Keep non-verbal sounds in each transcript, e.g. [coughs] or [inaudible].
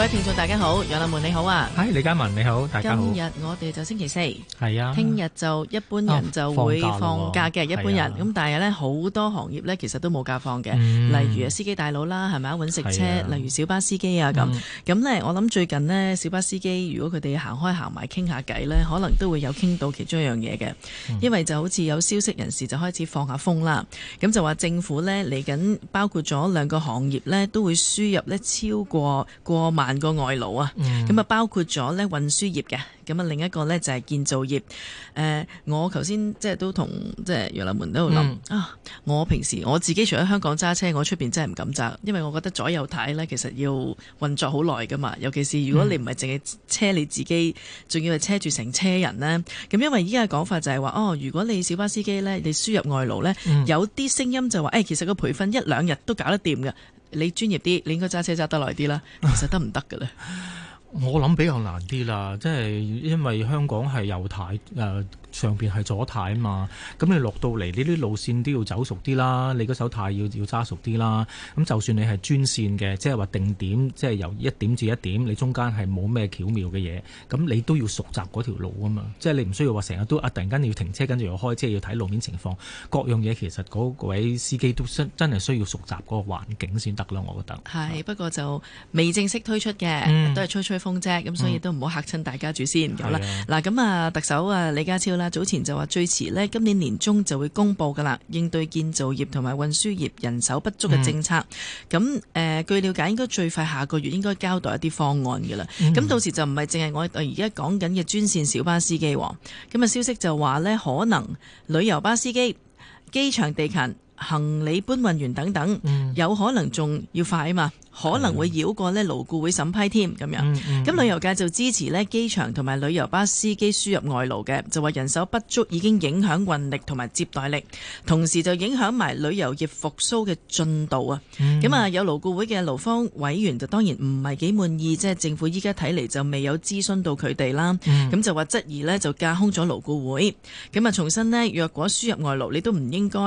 各位聽眾大家好，楊立門你好啊，嗨，李嘉文你好，今日我哋就星期四，係啊，聽日就一般人就會放假嘅，啊、假一般人咁，是啊、但係咧好多行業咧其實都冇假放嘅，嗯、例如啊司機大佬啦，係咪啊穩食車，啊、例如小巴司機啊咁，咁咧、嗯、我諗最近呢小巴司機如果佢哋行開行埋傾下偈咧，可能都會有傾到其中一樣嘢嘅，嗯、因為就好似有消息人士就開始放下風啦，咁就話政府咧嚟緊包括咗兩個行業咧都會輸入咧超過過萬個外勞啊，咁啊包括咗咧運輸業嘅，咁啊另一個咧就係建造業。誒、呃，我頭先即係都同即係楊立文喺度諗啊，我平時我自己除咗香港揸車，我出邊真係唔敢揸，因為我覺得左右睇咧，其實要運作好耐噶嘛。尤其是如果你唔係淨係車你自己，仲要係車住成車人呢。咁因為依家嘅講法就係話，哦，如果你小巴司機咧，你輸入外勞咧，嗯、有啲聲音就話，誒、欸，其實個培訓一兩日都搞得掂噶你專業啲，你應該揸車揸得耐啲啦。其實得唔得㗎咧？ [laughs] 我諗比較難啲啦，即係因為香港係有太上邊係左軚啊嘛，咁你落到嚟呢啲路線都要走熟啲啦，你嗰手軚要要揸熟啲啦。咁就算你係專線嘅，即係話定點，即係由一點至一點，你中間係冇咩巧妙嘅嘢，咁你都要熟習嗰條路啊嘛。即係你唔需要話成日都、啊、突然間要停車，跟住要開車要睇路面情況，各樣嘢其實嗰位司機都真係需要熟習嗰個環境先得啦。我覺得係，不過就未正式推出嘅，嗯、都係吹吹風啫。咁所以都唔好嚇親大家住先咁、嗯、啦。嗱咁啊，特首啊，李家超。早前就話最遲呢今年年中就會公布噶啦，應對建造業同埋運輸業人手不足嘅政策。咁誒、嗯、呃，據了解，應該最快下個月應該交代一啲方案噶啦。咁、嗯、到時就唔係淨係我而家講緊嘅專線小巴司機、哦，咁嘅消息就話呢可能旅遊巴司機、機場地勤、行李搬運員等等，嗯、有可能仲要快啊嘛。可能會繞過呢勞顧會審批添咁樣咁、嗯嗯、旅遊界就支持呢機場同埋旅遊巴司機輸入外勞嘅，就話人手不足已經影響運力同埋接待力，同時就影響埋旅遊業復甦嘅進度啊！咁啊、嗯，有勞顧會嘅勞方委員就當然唔係幾滿意，即係政府依家睇嚟就未有諮詢到佢哋啦，咁、嗯、就話質疑呢就架空咗勞顧會，咁啊重新呢，若果輸入外勞，你都唔應該。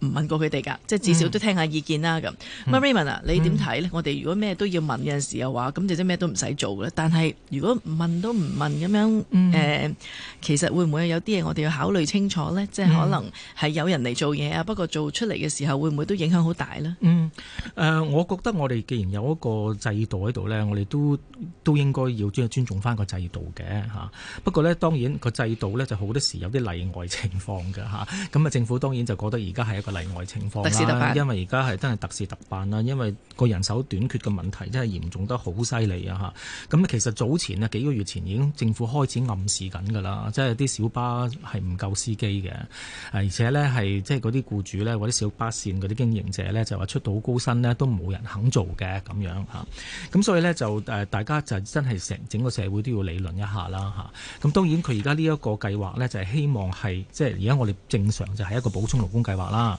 唔問過佢哋噶，即係至少都聽下意見啦咁。Raymond 啊，But Raymond, 嗯、你點睇咧？嗯、我哋如果咩都要問嘅陣時嘅話，咁就即咩都唔使做咧。但係如果問都唔問咁樣，誒、嗯呃，其實會唔會有啲嘢我哋要考慮清楚呢？即係可能係有人嚟做嘢啊，嗯、不過做出嚟嘅時候會唔會都影響好大呢？嗯，誒、呃，我覺得我哋既然有一個制度喺度呢，我哋都都應該要尊重翻個制度嘅嚇。不過呢，當然個制度呢就好多時有啲例外情況嘅嚇。咁啊，政府當然就覺得而家係一個例外情況啦，因為而家係真係特事特辦啦，因為個人手短缺嘅問題真係嚴重得好犀利啊！嚇，咁其實早前啊，幾個月前已經政府開始暗示緊㗎啦，即係啲小巴係唔夠司機嘅，而且呢係即係嗰啲僱主呢，或啲小巴線嗰啲經營者呢，就話出到高薪呢都冇人肯做嘅咁樣嚇，咁所以呢，就誒大家就真係成整個社會都要理論一下啦嚇。咁當然佢而家呢一個計劃呢，就係希望係即係而家我哋正常就係一個補充勞工計劃啦。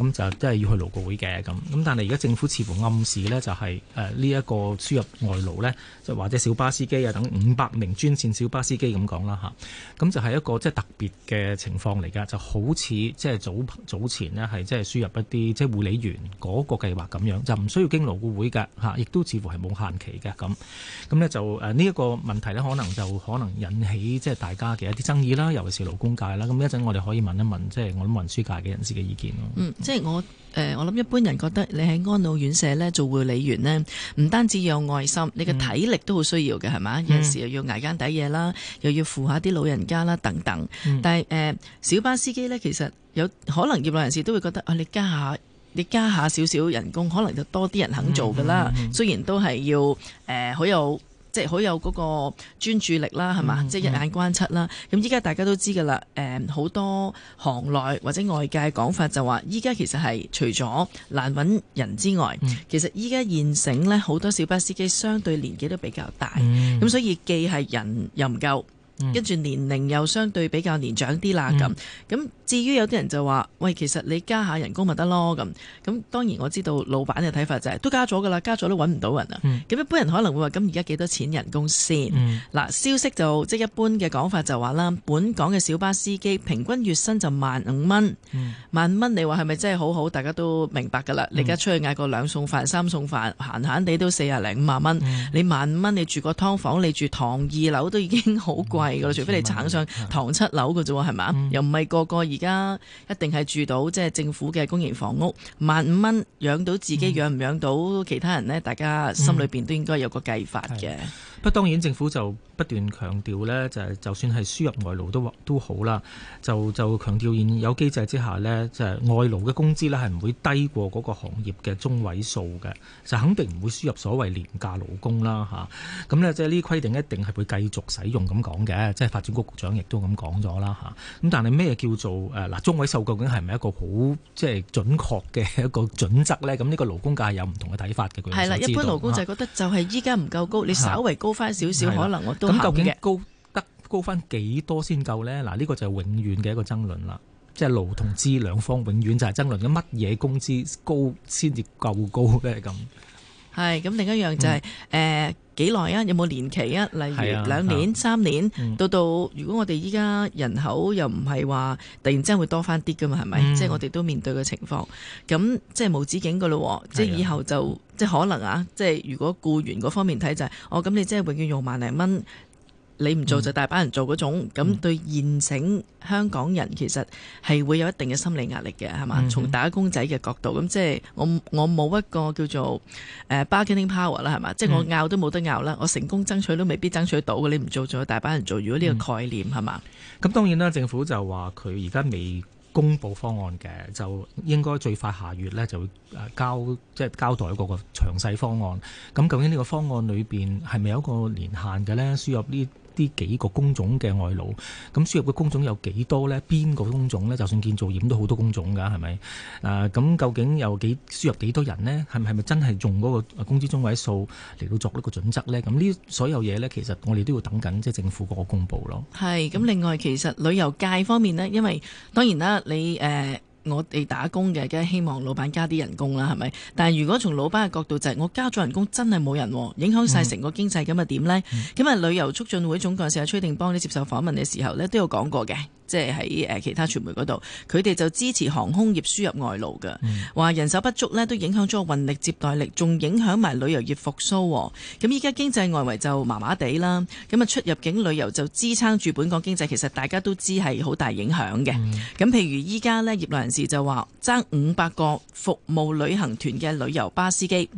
咁就即係要去勞顧會嘅咁，咁但係而家政府似乎暗示呢，就係呢一個輸入外勞呢，就或者小巴司機啊等五百名專線小巴司機咁講啦嚇，咁就係一個即係特別嘅情況嚟噶，就好似即係早早前呢，係即係輸入一啲即係護理員嗰個計劃咁樣，就唔需要經勞顧會嘅嚇，亦都似乎係冇限期嘅咁，咁呢就呢一個問題呢，可能就可能引起即係大家嘅一啲爭議啦，尤其是勞工界啦。咁一陣我哋可以問一問即係我諗運輸界嘅人士嘅意見咯。嗯即係我誒、呃，我諗一般人覺得你喺安老院舍咧做護理員咧，唔單止有愛心，你嘅體力都好需要嘅，係嘛？Mm hmm. 有陣時又要挨間底嘢啦，又要扶下啲老人家啦，等等。Mm hmm. 但係誒、呃，小巴司機呢，其實有可能業內人士都會覺得啊，你加下你加下少少人工，可能就多啲人肯做㗎啦。Mm hmm. 雖然都係要誒，好、呃、有。即係好有嗰個專注力啦，係嘛？即係、嗯嗯、一眼關七啦。咁依家大家都知㗎啦。誒，好多行內或者外界講法就話，依家其實係除咗難揾人之外，嗯、其實依家現成咧好多小巴司機，相對年紀都比較大。咁、嗯、所以既係人又唔夠。跟住、嗯、年齡又相對比較年長啲啦，咁咁、嗯、至於有啲人就話：喂，其實你加下人工咪得咯咁咁。當然我知道老闆嘅睇法就係、是、都加咗㗎啦，加咗都揾唔到人啦。咁、嗯、一般人可能會話：咁而家幾多錢人工先？嗱、嗯，消息就即一般嘅講法就話啦，本港嘅小巴司機平均月薪就萬五蚊。萬五蚊你話係咪真係好好？大家都明白㗎啦。嗯、你而家出去嗌個兩餸飯、三餸飯，閒閒地都四廿零五萬蚊。嗯、你萬五蚊，你住個劏房，你住唐二樓都已經好貴。嗯嗯除非你撐上唐七樓噶啫，係嘛？嗯、又唔係個個而家一定係住到即係政府嘅公營房屋，萬五蚊養到自己養唔養到其他人呢？大家心裏邊都應該有個計法嘅。嗯不過當然政府就不斷強調呢，就係就算係輸入外勞都都好啦，就就強調現有機制之下呢，就係外勞嘅工資呢係唔會低過嗰個行業嘅中位數嘅，就肯定唔會輸入所謂廉價勞工啦吓，咁呢即係呢規定一定係會繼續使用咁講嘅，即係發展局局長亦都咁講咗啦吓，咁但係咩叫做誒嗱，中位數究竟係咪一個好即係準確嘅一個準則呢？咁、這、呢個勞工界有唔同嘅睇法嘅，佢係啦，一般勞工就係覺得就係依家唔夠高，你稍微高。高翻少少可能我都咁究竟高得高翻幾多先夠呢？嗱，呢個就係永遠嘅一個爭論啦，即係勞同資兩方永遠就係爭論緊乜嘢工資高先至夠高嘅咁。係，咁另一樣就係誒幾耐啊？有冇年期啊？例如兩年、三、啊、年，嗯、到到如果我哋依家人口又唔係話突然之間會多返啲㗎嘛？係咪？即係、嗯、我哋都面對嘅情況，咁即係無止境㗎咯、啊。啊、即係以後就即係可能啊！即係如果僱員嗰方面睇就係、是，哦咁你即係永遠用萬零蚊。你唔做就大把人做嗰種，咁、嗯、對現成香港人其實係會有一定嘅心理壓力嘅，係嘛？嗯、從打工仔嘅角度，咁即係我我冇一個叫做、uh, bargaining power 啦，係嘛、嗯？即係我拗都冇得拗啦，我成功爭取都未必爭取到嘅。你唔做，就有大把人做。如果呢個概念係嘛？咁、嗯、當然啦，政府就話佢而家未公布方案嘅，就應該最快下月呢就誒交，即、就、係、是、交代個個詳細方案。咁究竟呢個方案裏面係咪有一個年限嘅呢？輸入呢？啲幾個工種嘅外勞，咁輸入嘅工種有幾多呢？邊個工種呢？就算建造業都好多工種噶，係咪？啊，咁究竟有幾輸入幾多人呢？係咪，係咪真係用嗰個工資中位數嚟到作呢個準則呢？咁呢所有嘢呢，其實我哋都要等緊，即係政府嗰個公佈咯。係，咁另外其實旅遊界方面呢，因為當然啦，你誒。呃我哋打工嘅梗係希望老闆加啲人工啦，係咪？但係如果從老闆嘅角度就係、是、我加咗人工真係冇人，影響晒成個經濟，咁啊點咧？咁啊、嗯、旅遊促進會總幹事阿崔定邦，你接受訪問嘅時候咧，都有講過嘅，即係喺誒其他傳媒嗰度，佢哋、嗯、就支持航空業輸入外勞嘅，話、嗯，人手不足咧都影響咗運力、接待力，仲影響埋旅遊業復甦。咁依家經濟外圍就麻麻地啦，咁啊出入境旅遊就支撐住本港經濟，其實大家都知係好大影響嘅。咁、嗯、譬如依家咧業內人。時就話爭五百個服務旅行團嘅旅遊巴司機，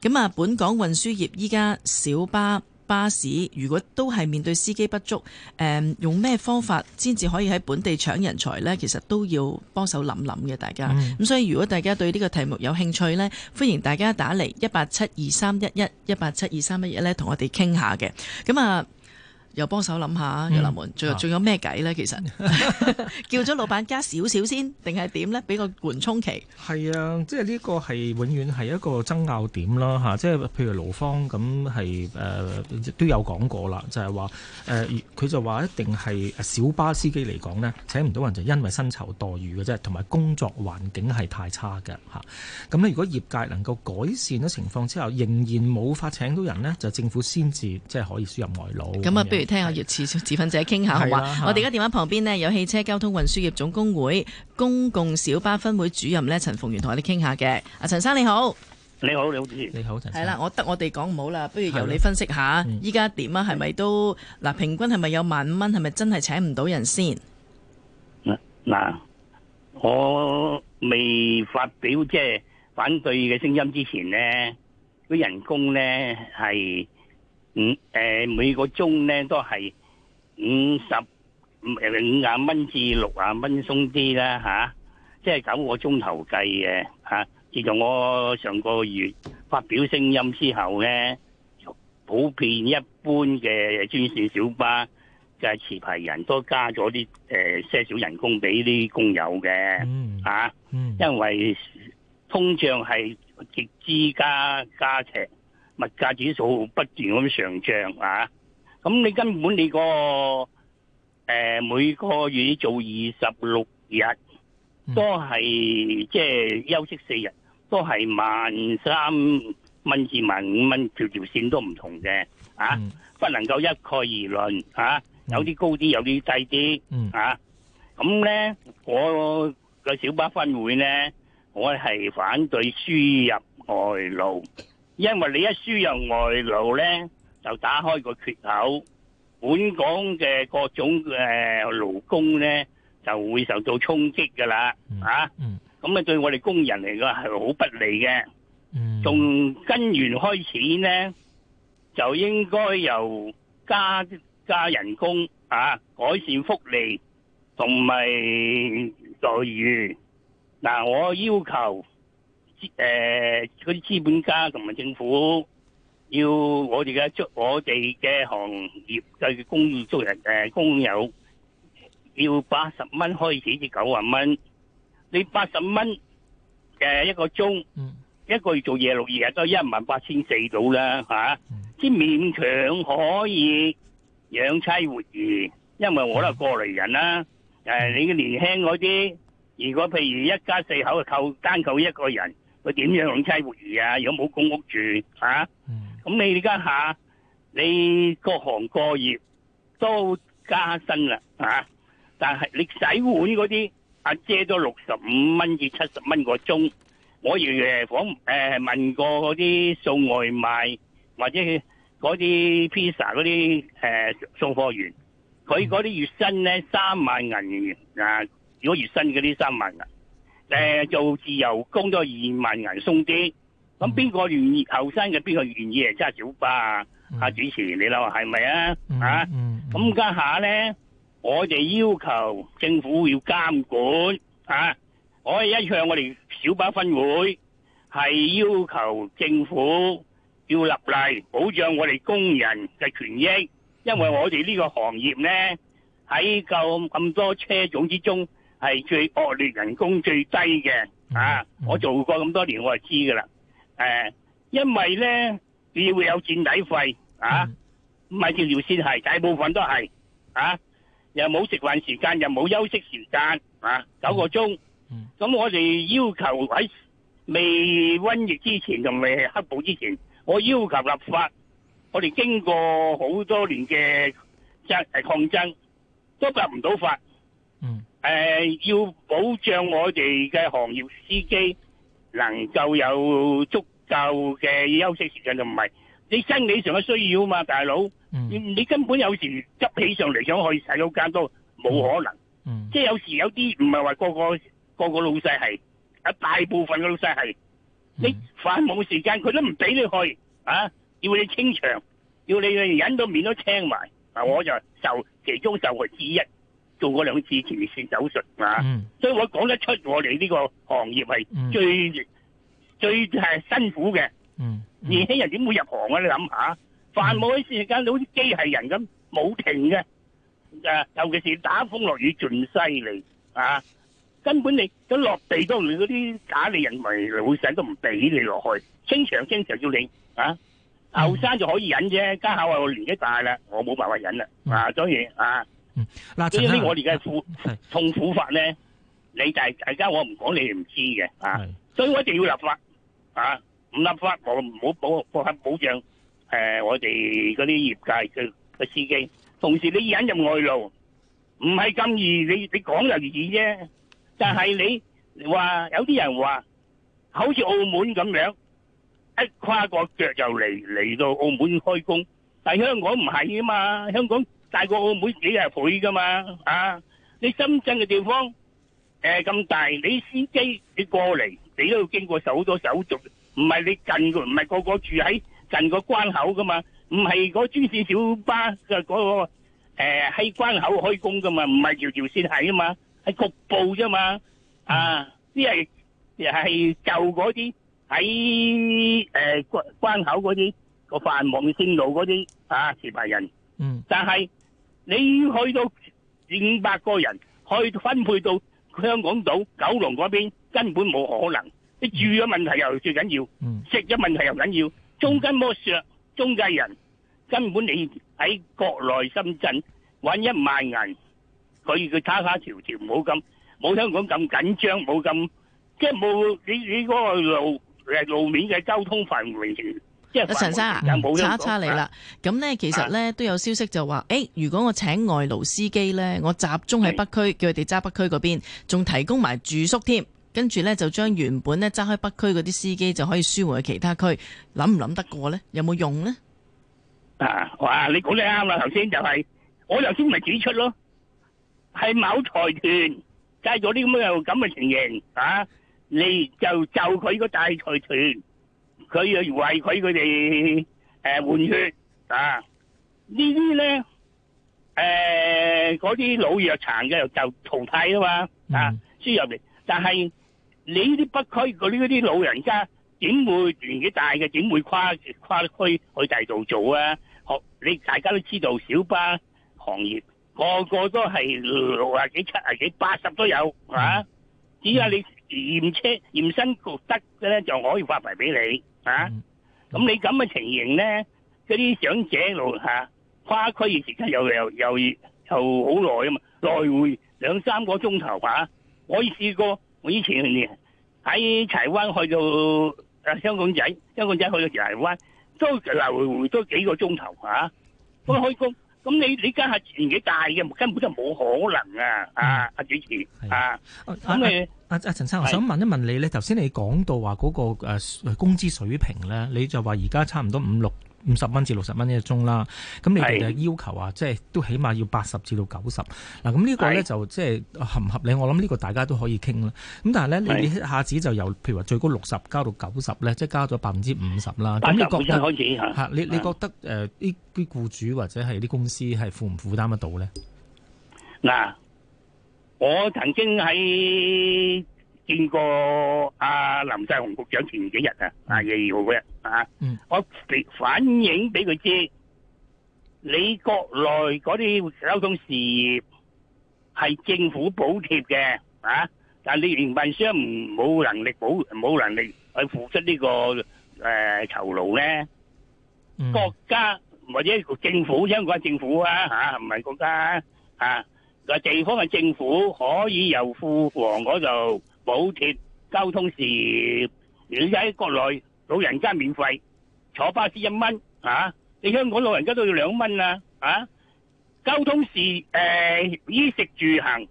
咁啊、嗯，本港運輸業依家小巴巴士，如果都係面對司機不足，誒、嗯，用咩方法先至可以喺本地搶人才呢？其實都要幫手諗諗嘅，大家。咁、嗯、所以如果大家對呢個題目有興趣呢，歡迎大家打嚟，一八七二三一一一八七二三一一咧，同我哋傾下嘅。咁啊。又幫手諗下，又臨門最後仲有咩計咧？其實 [laughs] [laughs] 叫咗老闆加少少先，定係點咧？俾個緩衝期。係啊，即係呢個係永遠係一個爭拗點啦，吓、啊，即係譬如勞方咁係都有講過啦，就係話佢就話一定係小巴司機嚟講呢，請唔到人就因為薪酬待遇嘅啫，同埋工作環境係太差嘅咁、啊、如果業界能夠改善咗情況之後，仍然冇法請到人呢，就政府先至即係可以輸入外勞。咁啊，比如。聽下粵次持份者傾下，談談好，好是啊是啊我哋而家電話旁邊呢，有汽車交通運輸業總工會公共小巴分會主任咧陳逢源同我哋傾下嘅。阿陳生你好，你好，你好你好你好陳生係啦，我得我哋講唔好啦，不如由你分析下依家點啊，係咪都嗱平均係咪有萬五蚊，係咪真係請唔到人先？嗱嗱、嗯，嗯、我未發表即係反對嘅聲音之前呢，嗰人工咧係。五誒、嗯呃、每個鐘咧都係五十五廿蚊至六廿蚊鬆啲啦嚇，即係九個鐘頭計嘅嚇。自、啊、從我上個月發表聲音之後咧，普遍一般嘅專線小巴就係持牌人都加咗啲誒些少人工俾啲工友嘅嚇、啊，因為通脹係極之加加劇。物價指數不斷咁上漲啊！咁你根本你個誒每個月做二十六日，都係即係休息四日，都係萬三蚊至萬五蚊，條條綫都唔同嘅啊！不能夠一概而論啊！有啲高啲，有啲低啲啊！咁咧，我個小巴分會咧，我係反對輸入外勞。因為你一輸入外勞咧，就打開個缺口，本港嘅各種誒勞工咧就會受到衝擊噶啦，啊，咁啊對我哋工人嚟講係好不利嘅。從根源開始咧，就應該由加加人工啊，改善福利同埋待遇。嗱，我要求。誒嗰啲資本家同埋政府，要我哋嘅租，我哋嘅行業嘅工業租人誒工友，要八十蚊開始至九啊蚊。你八十蚊誒一個鐘，一個月做嘢六日都一萬八千四到啦嚇，先勉強可以養妻活兒。因為我都係過來人啦。誒，你嘅年輕嗰啲，如果譬如一家四口，靠單靠一個人。佢點樣用車活魚啊？如果冇公屋住啊？咁、嗯嗯、你而家下，你各行各業都加薪啦嚇，但係你洗碗嗰啲阿姐都六十五蚊至七十蚊個鐘，我亦誒訪誒問過嗰啲送外賣或者嗰啲披薩嗰啲誒送貨員，佢嗰啲月薪咧三萬銀元啊！如果月薪嗰啲三萬銀。誒，做自由工都二萬人送鬆啲，咁邊個願意後生嘅，邊個願意嚟揸小巴啊？嗯、啊，主持你諗係咪啊？嗯嗯、啊，咁家下咧，我哋要求政府要監管啊！我哋一向我哋小巴分會係要求政府要立例保障我哋工人嘅權益，因為我哋呢個行業咧喺夠咁多車種之中，係最惡劣、人工最低嘅啊！我做過咁多年，我就知㗎喇。誒，因為咧，你要有剪底費啊，唔係條條線係，大部分都係啊，又冇食飯時間，又冇休息時間啊，九個鐘。咁我哋要求喺未瘟疫之前同未黑暴之前，我要求立法，我哋經過好多年嘅爭誒抗爭，都入唔到法。嗯。誒，要保障我哋嘅行業司機能夠有足夠嘅休息時間，就唔係你生理上嘅需要嘛，大佬。嗯，你根本有時急起上嚟想去洗手間都冇可能。嗯，即係有時有啲唔係話個個個個老細係，啊，大部分嘅老細係，你繁忙時間，佢都唔俾你去啊，要你清場，要你去忍到面都青埋。嗱，我就受其中受害之一。做過兩次前列腺手術啊，嗯、所以我講得出我哋呢個行業係最、嗯、最辛苦嘅。嗯嗯、年輕人點會入行啊？你諗下，繁忙時間你好似機械人咁冇停嘅，誒、啊，尤其是打風落雨盡犀利啊！根本你咁落地你都你嗰啲假你人咪老細都唔俾你落去，清場清場要你啊。後生、嗯、就可以忍啫，家下我年紀大啦，我冇辦法忍啦啊，所以啊。嗱，所以呢，我哋嘅苦痛苦法咧，你就係大家我唔講你唔知嘅啊，所以我一定要立法啊，唔立法我唔好保，無法保障誒，我哋嗰啲業界嘅嘅司機，同時你引入外勞，唔係咁易，你你講就易啫，但係你話有啲人話好似澳門咁樣，一跨個腳就嚟嚟到澳門開工，但係香港唔係啊嘛，香港。大個澳門幾廿倍噶嘛，啊！你深圳嘅地方，誒咁大，你司機你過嚟，你都要經過好多手續，唔係你近，唔係個個住喺近個關口噶嘛，唔係嗰專線小巴嘅嗰個誒喺關口開工噶嘛，唔係條條線係啊嘛，喺局部啫嘛，啊！啲係係就嗰啲喺誒關關口嗰啲個繁忙線路嗰啲啊，持牌人，嗯，但係。你去到五百個人，去分配到香港島、九龍嗰邊，根本冇可能。你住咗問題又最緊要，食咗問題又緊要。中間剝削中介人，根本你喺國內深圳揾一萬人，可以佢卡卡條條冇咁冇香港咁緊張，冇咁即係冇你你嗰個路誒路面嘅交通範圍。阿陳生差差啊，叉一叉你啦。咁咧，其實咧都有消息就話，誒、欸，如果我請外勞司機咧，我集中喺北區，是的 叫佢哋揸北區嗰邊，仲提供埋住宿添，跟住咧就將原本咧揸開北區嗰啲司機就可以輸回去其他區，諗唔諗得過咧？有冇用咧？啊，哇！你估你啱啊，頭先就係、是、我頭先咪指出咯，係某財團揸咗啲咁嘅咁嘅情形啊，你就就佢個大財團。佢又為佢佢哋誒換血啊！呢啲咧誒，嗰啲老弱殘嘅就淘汰啦嘛啊，輸入嚟。但係你呢啲北區嗰啲嗰啲老人家點會年紀大嘅點會跨跨區去第二度做啊？學你大家都知道小巴行業個個都係六啊幾七啊幾八十都有啊！只要你驗車驗身局得嘅咧就可以發牌俾你。嗯、啊！咁你咁嘅情形咧，嗰啲長者路嚇跨區嘅時間又又又又好耐啊嘛，來回兩三個鐘頭吓。我試過，我以前喺柴灣去到啊香港仔，香港仔去到柴灣，都來回回都幾個鐘頭嚇。我、啊嗯啊、開工，咁你你家下年紀大嘅，根本就冇可能啊！啊，阿主持啊，咁你。啊。阿阿陳生，我想問一問你咧，頭先是你講到話嗰個工資水平咧，你就話而家差唔多五六五十蚊至六十蚊一個鐘啦，咁你哋嘅要求啊，是即係都起碼要八十至到九十。嗱，咁呢個咧就即係合唔合理？我諗呢個大家都可以傾啦。咁但係咧，是你一下子就由譬如話最高六十加到九十咧，即係加咗百分之五十啦。咁你覺得你你覺得誒啲啲僱主或者係啲公司係負唔負擔得到咧？嗱。我曾經喺見過阿林世雄局長前幾日啊，廿二號嗰日啊，我反反映俾佢知，你國內嗰啲交通事業係政府補貼嘅啊，但係你營辦商唔冇能力補冇能力去付出呢個誒酬勞咧，國家或者政府，香港政府啊嚇，唔係國家啊。個地方嘅政府可以由庫房嗰度補貼交通事業，你喺國內老人家免費坐巴士一蚊啊，你香港老人家都要兩蚊啦啊！交通事誒，衣食住行，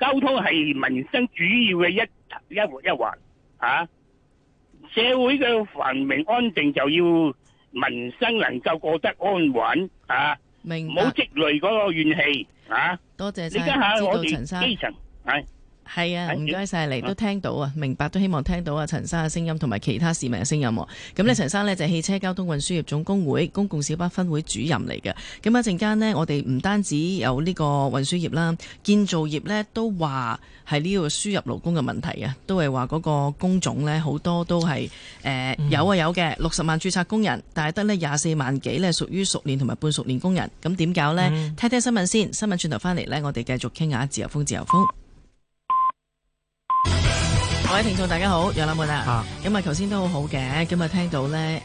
交通係民生主要嘅一一一環啊！社會嘅繁榮安定就要民生能夠過得安穩啊，唔好積累嗰個怨氣。啊！多謝晒，知道陳生。啊係啊，唔該晒你，都聽到啊，明白，都希望聽到啊，陳生嘅聲音同埋其他市民嘅聲音咁呢。陳生呢，就係汽車交通運輸業總工會公共小巴分會主任嚟嘅。咁一陣間呢，我哋唔單止有呢個運輸業啦，建造業呢都話係呢個輸入勞工嘅問題啊，都係話嗰個工種呢好多都係誒、呃、有啊，有嘅六十萬註冊工人，但係得呢廿四萬幾呢屬於熟練同埋半熟練工人。咁點搞呢？聽聽新聞先，新聞轉頭翻嚟呢，我哋繼續傾下自由風，自由風。各位聽眾，大家好，楊立門啊，咁啊頭先都好好嘅，今日聽到咧，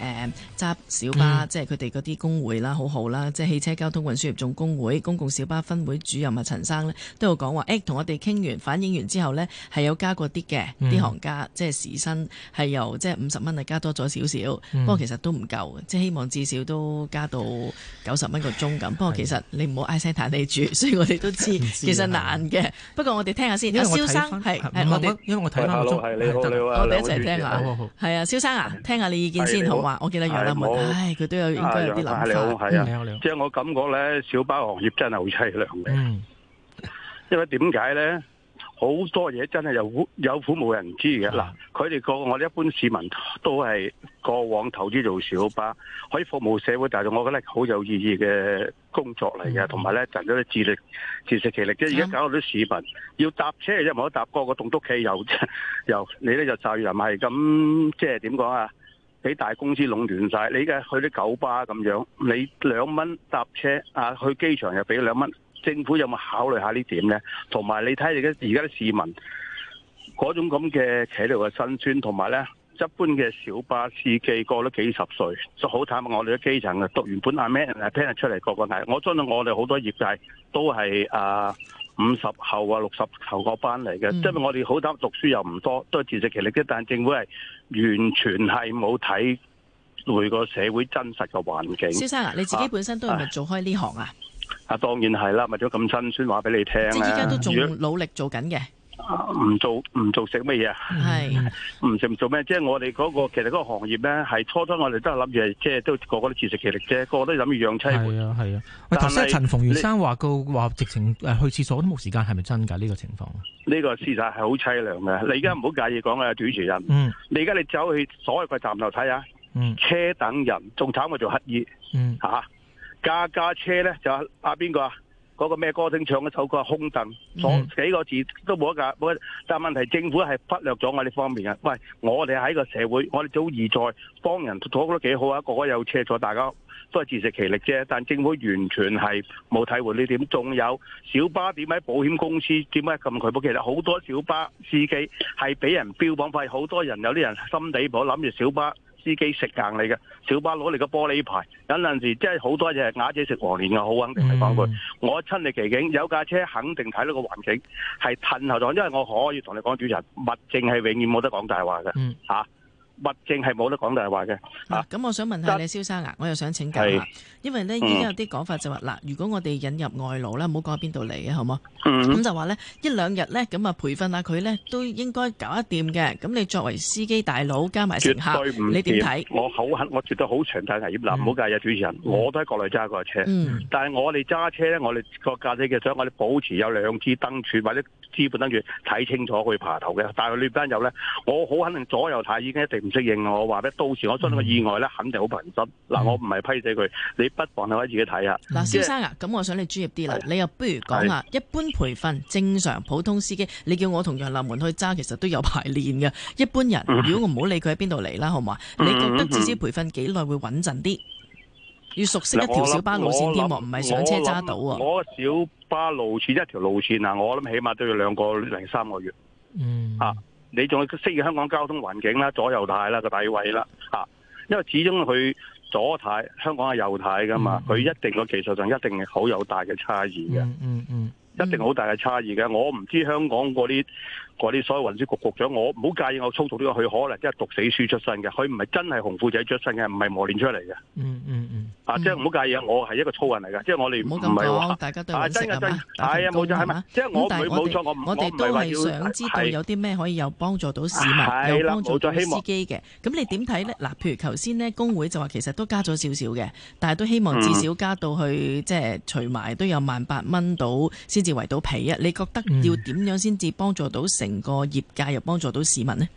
誒揸小巴即係佢哋嗰啲工會啦，好好啦，即係汽車交通運輸業總工會公共小巴分會主任啊陳生咧都有講話，誒同我哋傾完反映完之後呢，係有加過啲嘅，啲行家即係時薪係由即係五十蚊啊加多咗少少，不過其實都唔夠，即係希望至少都加到九十蚊個鐘咁。不過其實你唔好唉聲嘆氣住，所以我哋都知其實難嘅。不過我哋聽下先，因為我睇因為我睇係，你好，你好啊！我哋一齊聽下係啊，蕭生啊，聽下你意見先好啊！我見到楊立文，唉，佢都有應該有啲諗法。你好，係啊！你好，你好。即係我感覺咧，小巴行業真係好淒涼嘅。嗯，因為點解咧？好多嘢真係有苦有苦冇人知嘅，嗱，佢哋、嗯、個、個我哋一般市民都係過往投資做小巴，可以服務社會，但係我覺得好有意義嘅工作嚟嘅，同埋咧賺咗啲智力自食其力啫。而家搞到啲市民要搭車一冇搭過個棟篤企又又，你咧就就又唔係咁，即係點講啊？俾大公司壟斷晒。你嘅去啲九巴咁樣，你兩蚊搭車啊，去機場又俾兩蚊。政府有冇考慮下這一點呢點咧？同埋你睇而家而家啲市民嗰種咁嘅企喺度嘅辛酸，同埋咧一般嘅小巴司機過咗幾十歲，好慘啊！我哋啲基層啊，讀完本阿咩人啊，聽日出嚟個個嗌我，相信我哋好多業界都係啊五十後啊六十後嗰班嚟嘅，即係、嗯、我哋好坦白，讀書又唔多，都係自食其力啫。但係政府係完全係冇睇每個社會真實嘅環境。先生啊，你自己本身都係咪、啊、做開呢行啊？啊，當然係啦，咪咗咁辛酸話俾你聽咧。而家都仲努力做緊嘅。唔做唔做食乜嘢啊？係唔食唔做咩？即係我哋嗰個其實嗰個行業咧，係初初我哋都係諗住即係都個個都自食其力啫，個個都諗住養妻。係啊係啊。喂、啊，頭先陳逢源先生話告話直情去廁所都冇時間，係咪真㗎？呢個情況？呢個事實係好凄涼嘅。你而家唔好介意講啊，主持人。嗯、你而家你走去所有嘅站頭睇下，嗯、車等人仲慘過，咪做乞兒。嗯。啊架架車咧就阿、啊、邊個啊嗰、嗰個咩歌星唱一首歌說空凳，講幾個字都冇一架，但係問題政府係忽略咗我哋方面啊。喂，我哋喺個社會，我哋早而在幫人，做得幾好啊！個個有車坐，大家都係自食其力啫。但政府完全係冇體會呢點。仲有小巴點解保險公司點解咁拒保？其實好多小巴司機係俾人標榜，係好多人有啲人心地唔好，諗諗住小巴。司機食硬你嘅，小巴攞你個玻璃牌，有陣時即係好多嘢係啞姐食黃連呀好，好肯定係講句，嗯、我親歷其境，有架車肯定睇到個環境係褪後檔，因為我可以同你講，主持人物證係永遠冇得講大話嘅，吓、啊。物證係冇得講大話嘅嚇，咁、啊啊、我想問下你是蕭生啊，我又想請教下，是因為咧而家有啲講法就話嗱，嗯、如果我哋引入外勞咧，唔好講邊度嚟嘅，好冇？咁、嗯、就話咧一兩日咧，咁啊培訓下佢咧，都應該搞一掂嘅。咁你作為司機大佬加埋乘客，你點睇？我好肯，我絕對好強大嘅行嗱，唔好、嗯、介意啊，主持人，我都喺國內揸過車，嗯、但係我哋揸車咧，我哋個駕駛嘅想，我哋保持有兩支燈柱或者。資本等住睇清楚去爬頭嘅，但係你邊有咧，我好肯定左右睇已經一定唔適應。我話咧，到時我出咗個意外咧，肯定好貧心。嗱、嗯，我唔係批死佢，你不妨你可以自己睇下。嗱、嗯，嗯、先生啊，咁我想你專業啲啦，是你又不如講下是一般培訓正常普通司機，你叫我同楊立門去揸，其實都有排練嘅。一般人、嗯、如果我唔好理佢喺邊度嚟啦，好唔好？你覺得至少培訓幾耐會穩陣啲？嗯嗯要熟悉一條小巴路線添，唔係上車揸到啊！我小巴路線一條路線啊，我諗起碼都要兩個零三個月。嗯，啊，你仲要適應香港交通環境啦，左右太啦個地位啦，啊，因為始終佢左太香港係右太噶嘛，佢、嗯、一定個技術上一定係好有大嘅差異嘅、嗯。嗯嗯，一定好大嘅差異嘅。我唔知香港嗰啲。嗰啲所有運輸局局長，我唔好介意我操作呢個佢，可能即係讀死書出身嘅，佢唔係真係紅褲仔出身嘅，唔係磨練出嚟嘅。嗯嗯嗯，啊，即係唔好介意我係一個粗人嚟嘅，即係我哋唔好咁講，大家都係真嘅真，係啊冇錯係咪？即係我冇我哋都係想知道有啲咩可以有幫助到市民，有幫助到司機嘅。咁你點睇咧？嗱，譬如頭先呢，工會就話其實都加咗少少嘅，但係都希望至少加到去即係除埋都有萬八蚊到先至圍到皮啊！你覺得要點樣先至幫助到成？個業界又幫助到市民咧？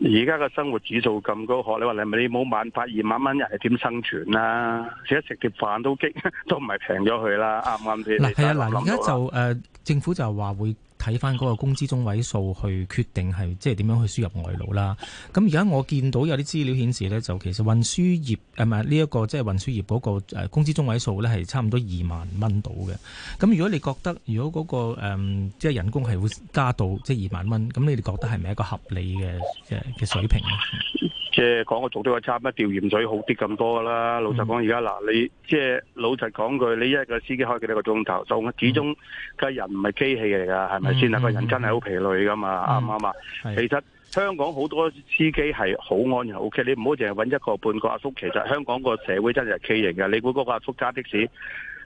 而家個生活指數咁高，學你話，你冇萬八二萬蚊日係點生存啦？食一食碟飯都激都唔係平咗佢啦，啱唔啱先？嗱係啊，嗱而家就誒，政府就話會。睇翻嗰個工資中位數去決定係即係點樣去輸入外勞啦。咁而家我見到有啲資料顯示咧，就其實運輸業誒唔係呢一個即係、即係、運輸業嗰個誒工資中位數咧係差唔多二萬蚊到嘅。咁如果你覺得如果嗰、嗰個即係、誒即係、人工係會加到即係二萬蚊，咁你哋覺得係咪一個合理嘅嘅嘅水平咧？即係講我做都話差唔多，調鹽水好啲咁多啦。老實講，而家嗱，你即係老實講句，你一個司機開幾多個鐘頭？就始終嘅人唔係機器嚟㗎，係咪先啊？個、嗯嗯嗯、人真係好疲累㗎嘛，啱唔啱啊？其實香港好多司機係好安全 OK，你唔好淨係揾一個半個阿叔。其實香港個社會真係畸形㗎。你估嗰個阿叔揸的士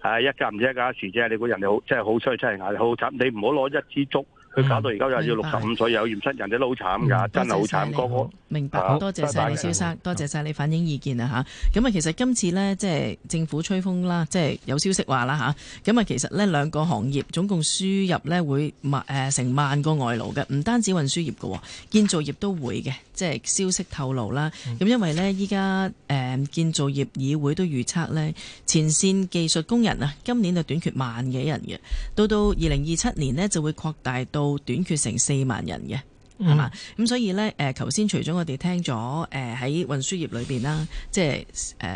係一架唔知一架事啫？你估人哋好真係好衰真係硬好慘？你唔好攞一支竹。佢搞到而家又要六十五歲有染色人，哋都好慘㗎，真係好慘，個個明白。多謝晒李小生，哥哥白多謝晒你，你反映意見啊嚇。咁啊的的，其實今次呢，即係政府吹風啦，即係有消息話啦嚇。咁啊，其實呢兩個行業總共輸入呢會萬成萬個外勞嘅，唔單止運輸業嘅，建造業都會嘅。即係消息透露啦，咁因為呢，依家誒建造業議會都預測呢，前線技術工人啊，今年就短缺萬幾人嘅，到到二零二七年呢，就會擴大到短缺成四萬人嘅，係嘛，嗯？咁所以呢，誒，頭先除咗我哋聽咗誒喺運輸業裏面啦，即係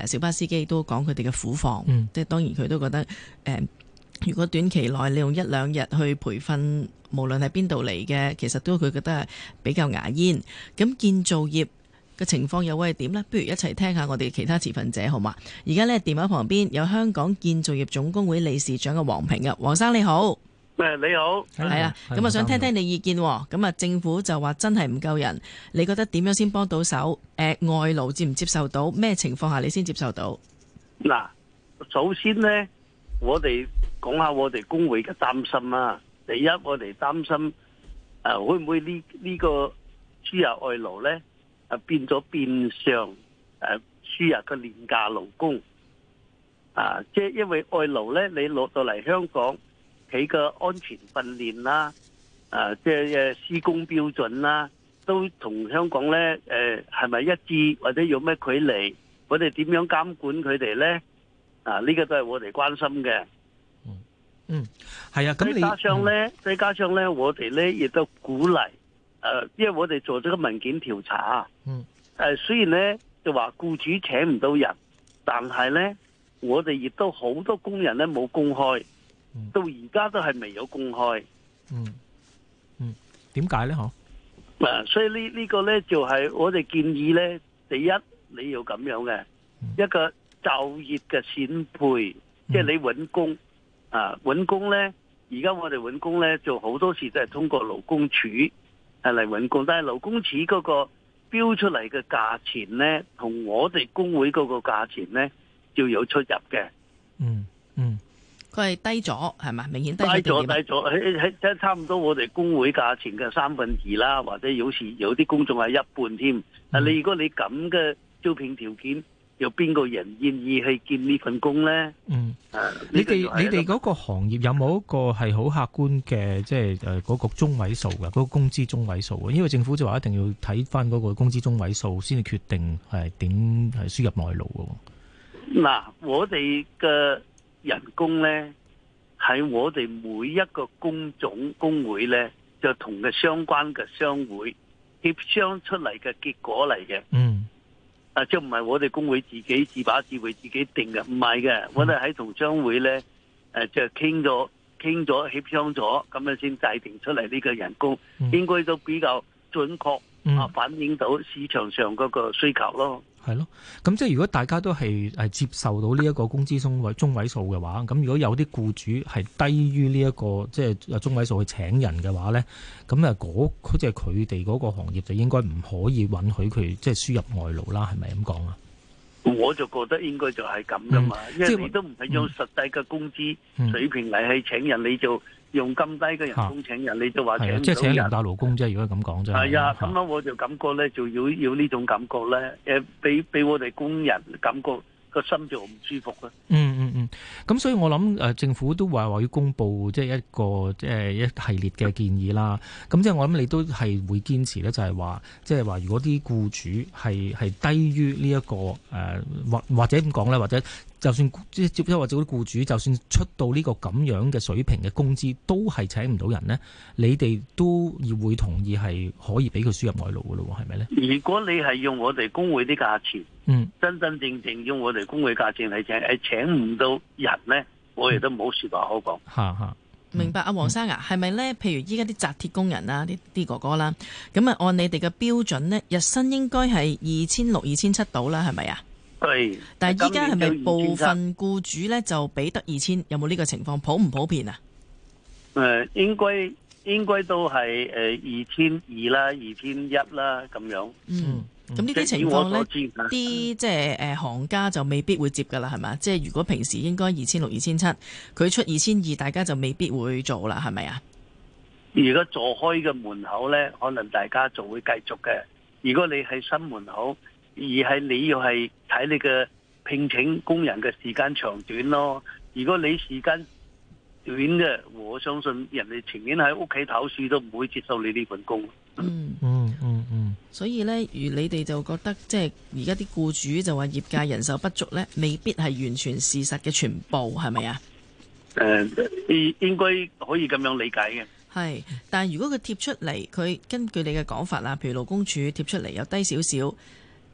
小巴司機都講佢哋嘅苦況，即係當然佢都覺得誒，如果短期內你用一兩日去培訓。無論係邊度嚟嘅，其實都佢覺得係比較牙煙。咁建造業嘅情況又會係點呢？不如一齊聽下我哋其他持份者，好嘛？而家呢，電話旁邊有香港建造業總工會理事長嘅黃平啊，黃生你好。誒，你好。係好啊，咁啊想聽聽你的意見。咁啊，政府就話真係唔夠人，你覺得點樣先幫到手？呃，外勞接唔接受到？咩情況下你先接受到？嗱，首先呢，我哋講下我哋工會嘅擔心啊。第一，我哋擔心啊，會唔會呢呢個輸入外勞咧啊變咗變相誒輸入個廉價勞工啊？即係、啊就是、因為外勞咧，你落到嚟香港，佢個安全訓練啦，啊，即、就、係、是啊、施工標準啦、啊，都同香港咧誒係咪一致，或者有咩距離？我哋點樣監管佢哋咧？啊，呢、這個都係我哋關心嘅。嗯，係啊，再加上咧，再加上咧，我哋咧亦都鼓勵誒、呃，因為我哋做咗個文件調查啊。嗯，誒、呃，雖然咧就話僱主請唔到人，但係咧我哋亦都好多工人咧冇公開，到而家都係未有公開。嗯，嗯，點解咧？嗬，誒，所以這個呢呢個咧就係、是、我哋建議咧，第一你要咁樣嘅、嗯、一個就業嘅選配，嗯、即係你揾工。啊，揾工咧，而家我哋揾工咧，就好多時都係通過勞工處嚟揾工，但係勞工處嗰個標出嚟嘅價錢咧，同我哋工會嗰個價錢咧，就有出入嘅，嗯。嗯嗯，佢係低咗係咪？明顯低咗，低咗喺喺即係差唔多我哋工會價錢嘅三分二啦，或者有時有啲工種係一半添。啊，嗯，你如果你咁嘅招聘條件，有邊個人願意去見呢份工呢？嗯，你哋你哋嗰個行業有冇一個係好客觀嘅，即係嗰個中位數嘅，嗰、嗰個工資中位數嘅？因為政府就話一定要睇翻嗰個工資中位數先至決定係點係輸入外勞嘅。嗱，我哋嘅人工呢，喺我哋每一個工種工會呢，就同嘅相關嘅商會協商出嚟嘅結果嚟嘅。嗯。啊！即係唔係我哋工會自己自把自為自己定嘅，唔係嘅，嗯、我哋喺同商會咧誒，即係傾咗傾咗協商咗，咁樣先制定出嚟呢個人工，嗯、應該都比較準確啊，反映到市場上嗰個需求咯。係咯，咁即係如果大家都係誒接受到呢一個工資中位中位數嘅話，咁如果有啲雇主係低於呢、這、一個即係誒中位數去請人嘅話咧，咁誒嗰即係佢哋嗰個行業就應該唔可以允許佢即係輸入外勞啦，係咪咁講啊？我就覺得應該就係咁噶嘛，嗯、因為你都唔係用實際嘅工資水平嚟去請人做，你就、嗯。嗯用咁低嘅人工請人，啊、你就話請唔到人，即係請大陸工啫。如果咁講啫，係啊，咁樣我就感覺咧，就要要呢種感覺咧，誒、呃，俾俾我哋工人感覺個心就唔舒服啦、嗯。嗯嗯嗯，咁所以我諗誒、呃，政府都話話要公布即係、即係、一個即係、呃、一系列嘅建議啦。咁即係我諗你都係會堅持咧，就係話，即係話如果啲僱主係係低於呢、呢、一個誒，或或者點講咧，或者。或者就算即接收或者嗰啲雇主，就算出到呢個咁樣嘅水平嘅工資，都係請唔到人呢。你哋都會同意係可以俾佢輸入外勞嘅咯，係咪呢？如果你係用我哋工會啲價錢，嗯，真真正正用我哋工會價錢嚟請，係請唔到人呢，我哋都冇説話可講。嚇、嗯嗯嗯、明白阿黃生啊，係咪呢？譬如依家啲紮鐵工人啊，啲啲哥哥啦，咁、那、啊、個，按你哋嘅標準呢，日薪應該係二千六、二千七到啦，係咪啊？對，但係依家係咪部分僱主呢，就俾得二千？有冇呢個情況？普唔普遍啊？嗯、應該應該都係誒二千二啦，二千一啦咁樣嗯。嗯，咁呢啲情況呢，啲即係行家就未必會接噶啦，係咪？即係如果平時應該二千六、二千七，佢出二千二，大家就未必會做啦，係咪啊？如果坐開嘅門口呢，可能大家就會繼續嘅。如果你喺新門口。而係你要係睇你嘅聘請工人嘅時間長短咯。如果你時間短嘅，我相信人哋情願喺屋企唞書都唔會接受你呢份工，嗯。嗯嗯嗯嗯，所以呢，如你哋就覺得即係而家啲雇主就話業界人手不足呢，未必係完全事實嘅全部，係咪啊？誒、呃，應該可以咁樣理解嘅。係，但係如果佢貼出嚟，佢根據你嘅講法啦，譬如勞工處貼出嚟又低少少，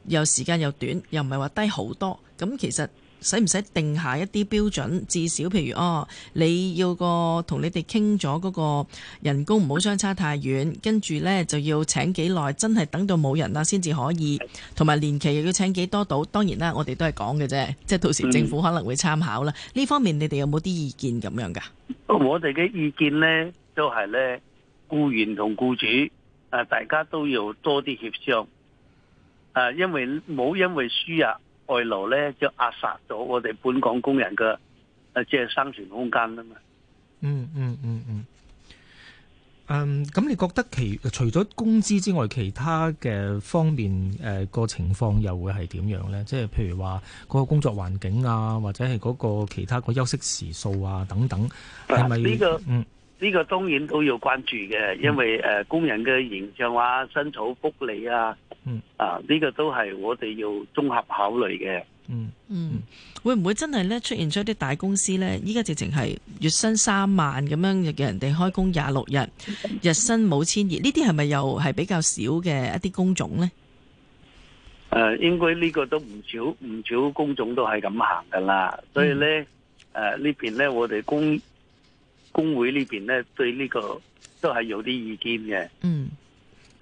又時間又短，又唔係話低好多，咁其實使唔使定下一啲標準？至少譬如哦，你要個同你哋傾咗嗰個人工唔好相差太遠，跟住呢，就要請幾耐，真係等到冇人啦先至可以，同埋年期又要請幾多到？當然啦，我哋都係講嘅啫，即係到時政府可能會參考啦。嗯，呢方面你哋有冇啲意見咁樣㗎？我哋嘅意見呢，都係呢，都係呢，僱員同僱主啊，大家都要多啲協商。啊，因為冇因為輸入外勞咧，就壓殺咗我哋本港工人嘅，誒、啊，即、就、係、是、生存空間啦嘛。嗯嗯嗯嗯。嗯，咁、嗯嗯、你覺得其除咗工資之外，其他嘅方面，誒、呃、個情況又會係點樣咧？即係譬如話，嗰、那個工作環境啊，或者係嗰個其他個休息時數啊等等，係咪、啊？呢、這個嗯，呢個當然都要關注嘅，因為誒、呃、工人嘅形象啊、薪酬福利啊。嗯，啊，呢、這個都係我哋要綜合考慮嘅。嗯嗯，會唔會真係咧出現咗一啲大公司咧？依家直情係月薪三萬咁樣，人哋開工廿六日，日薪冇千二，呢啲係咪又係比較少嘅一啲工種咧？誒、啊，應該呢個都唔少，唔少工種都係咁行㗎喇。所以咧，誒、嗯啊、呢邊咧，我哋工工會邊呢邊咧，對呢個都係有啲意見嘅。嗯。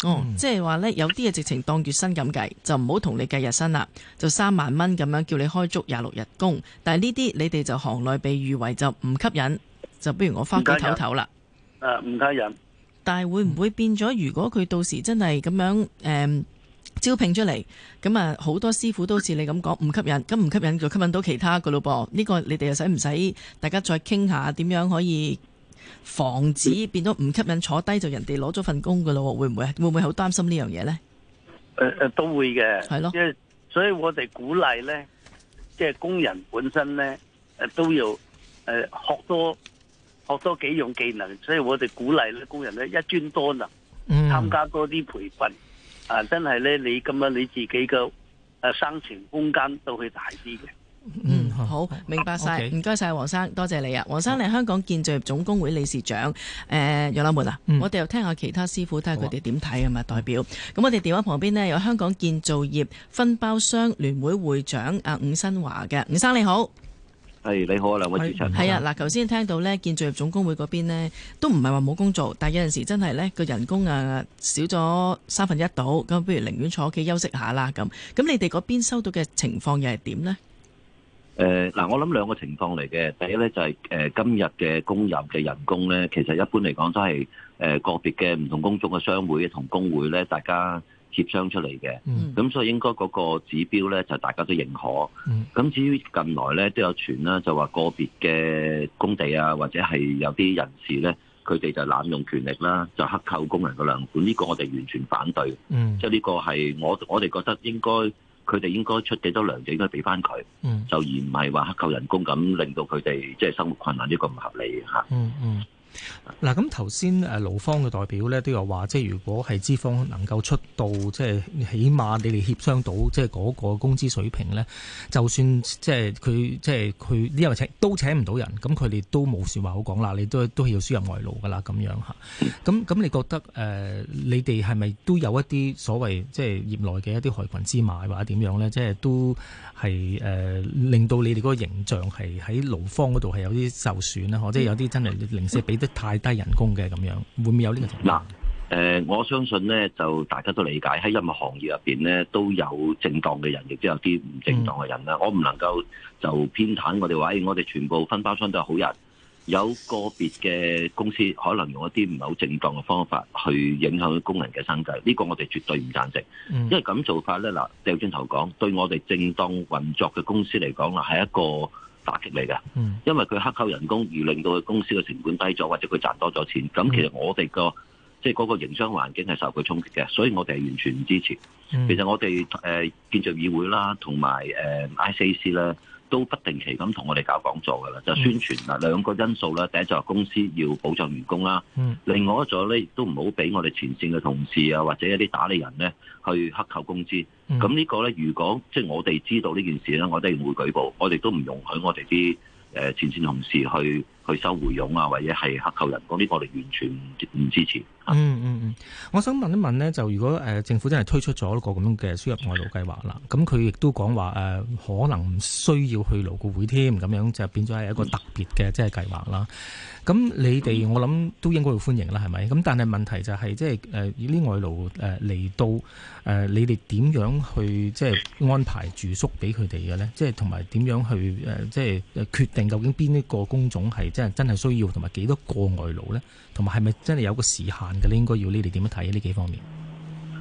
哦，即係話呢，有啲嘢直情當月薪咁計，就唔好同你計日薪啦，就三萬蚊咁樣叫你開足廿六日工，但係呢啲你哋就行內被譽為就唔吸引，就不如我返屋企唞唞啦。唔吸引。人，但係會唔會變咗？如果佢到時真係咁樣誒、嗯，招聘出嚟，咁啊好多師傅都似你咁講唔吸引，咁唔吸引就吸引到其他噶咯噃？呢、這個你哋又使唔使大家再傾下點樣可以？防止變咗唔吸引坐低，就人哋攞咗份工噶咯，會唔會啊？會唔會好擔心這件事，呢樣嘢咧？誒誒、呃，都會嘅，係咯。即係、就是、所以我哋鼓勵咧，即、就、係、是、工人本身咧，誒都要誒、呃、學多學多幾樣技能，所以我哋鼓勵咧工人咧一專多能，參加多啲培訓、嗯、啊！真係咧，你咁樣你自己嘅誒、啊、生存空間都會大啲嘅。嗯，好明白晒，唔該晒，黃、okay、生，多謝，謝你啊，黃生，嗯、你係香港建造業總工會理事長誒，楊老妹啊，嗯、我哋又聽下其他師傅，睇下佢哋點睇啊嘛。代表咁，我哋電話旁邊呢，有香港建造業分包商聯會會長啊，伍新華嘅伍生，你好，係、哎、你好啊，兩位主持人係啊。嗱，頭先聽到呢，建造業總工會嗰邊呢，都唔係話冇工做，但有陣時真係呢個人工啊少咗三分一到。咁，不如寧願坐屋企休息下啦。咁咁，你哋嗰邊收到嘅情況又係點呢？誒嗱、呃，我諗兩個情況嚟嘅，第一咧就係、是、誒、呃、今日嘅工人嘅人工咧，其實一般嚟講都係誒、呃、個別嘅唔同工種嘅商會同工會咧，大家協商出嚟嘅。嗯，咁所以應該嗰個指標咧，就是、大家都認可。嗯，咁至於近來咧都有傳啦，就話個別嘅工地啊，或者係有啲人士咧，佢哋就濫用權力啦，就克扣工人嘅糧款。呢、這個我哋完全反對。嗯，即係呢個係我我哋覺得應該。佢哋應該出幾多糧，就應該俾返佢，就而唔係話克扣人工咁，令到佢哋即係生活困難，呢個唔合理嘅嚇。嗯嗯嗱，咁頭先誒勞方嘅代表咧，都有話，即係如果係資方能夠出到，即係起碼你哋協商到，即係嗰個工資水平咧，就算即係佢，即係佢呢又請都請唔到人，咁佢哋都冇說話好講啦。你都都係要輸入外勞噶啦，咁樣吓咁咁，你覺得誒，你哋係咪都有一啲所謂即係業內嘅一啲害群之馬，或者點樣咧？即係都係誒，令到你哋嗰個形象係喺勞方嗰度係有啲受損啦，即係 [laughs] 有啲真係零舍俾。即太低人工嘅咁樣，會唔會有呢個情況？嗱、嗯，誒、呃，我相信咧，就大家都理解喺任何行業入邊咧，都有正當嘅人，亦都有啲唔正當嘅人啦。我唔能夠就偏袒我哋話、哎，我哋全部分包商都係好人，有個別嘅公司可能用一啲唔係好正當嘅方法去影響工人嘅生計，呢、這個我哋絕對唔贊成，因為咁做法咧，嗱、呃，掉轉頭講，對我哋正當運作嘅公司嚟講啦，係一個打擊嚟嘅，因為佢克扣人工而令到佢公司嘅成本低咗，或者佢賺多咗錢，咁其實我哋、嗯、個即係嗰個營商環境係受佢衝擊嘅，所以我哋係完全唔支持。嗯、其實我哋誒、呃、建造議會啦，同埋誒 I C C 啦。都不定期咁同我哋搞講座嘅啦，就宣傳啦。兩個因素咧，第一就係公司要保障員工啦。另外一組咧，亦都唔好俾我哋前線嘅同事啊，或者一啲打理人咧，去克扣工資。咁呢個咧，如果即係我哋知道呢件事咧，我哋都會舉報。我哋都唔容許我哋啲誒前線同事去。去收回佣啊，或者係克扣人工，呢我哋完全唔支持。嗯嗯嗯，我想問一問呢，就如果誒、呃、政府真係推出咗一個咁樣嘅輸入外勞計劃啦，咁佢亦都講話誒可能唔需要去勞顧會添，咁樣就變咗係一個特別嘅、嗯、即係計劃啦。咁你哋我諗都應該會歡迎啦，係咪？咁但係問題就係即係誒，呢外勞誒嚟到誒，你哋點樣去即係安排住宿俾佢哋嘅咧？即係同埋點樣去誒，即係決定究竟邊一個工種係即係真係需要，同埋幾多個外勞咧？同埋係咪真係有個時限嘅咧？你應該要你哋點樣睇呢幾方面？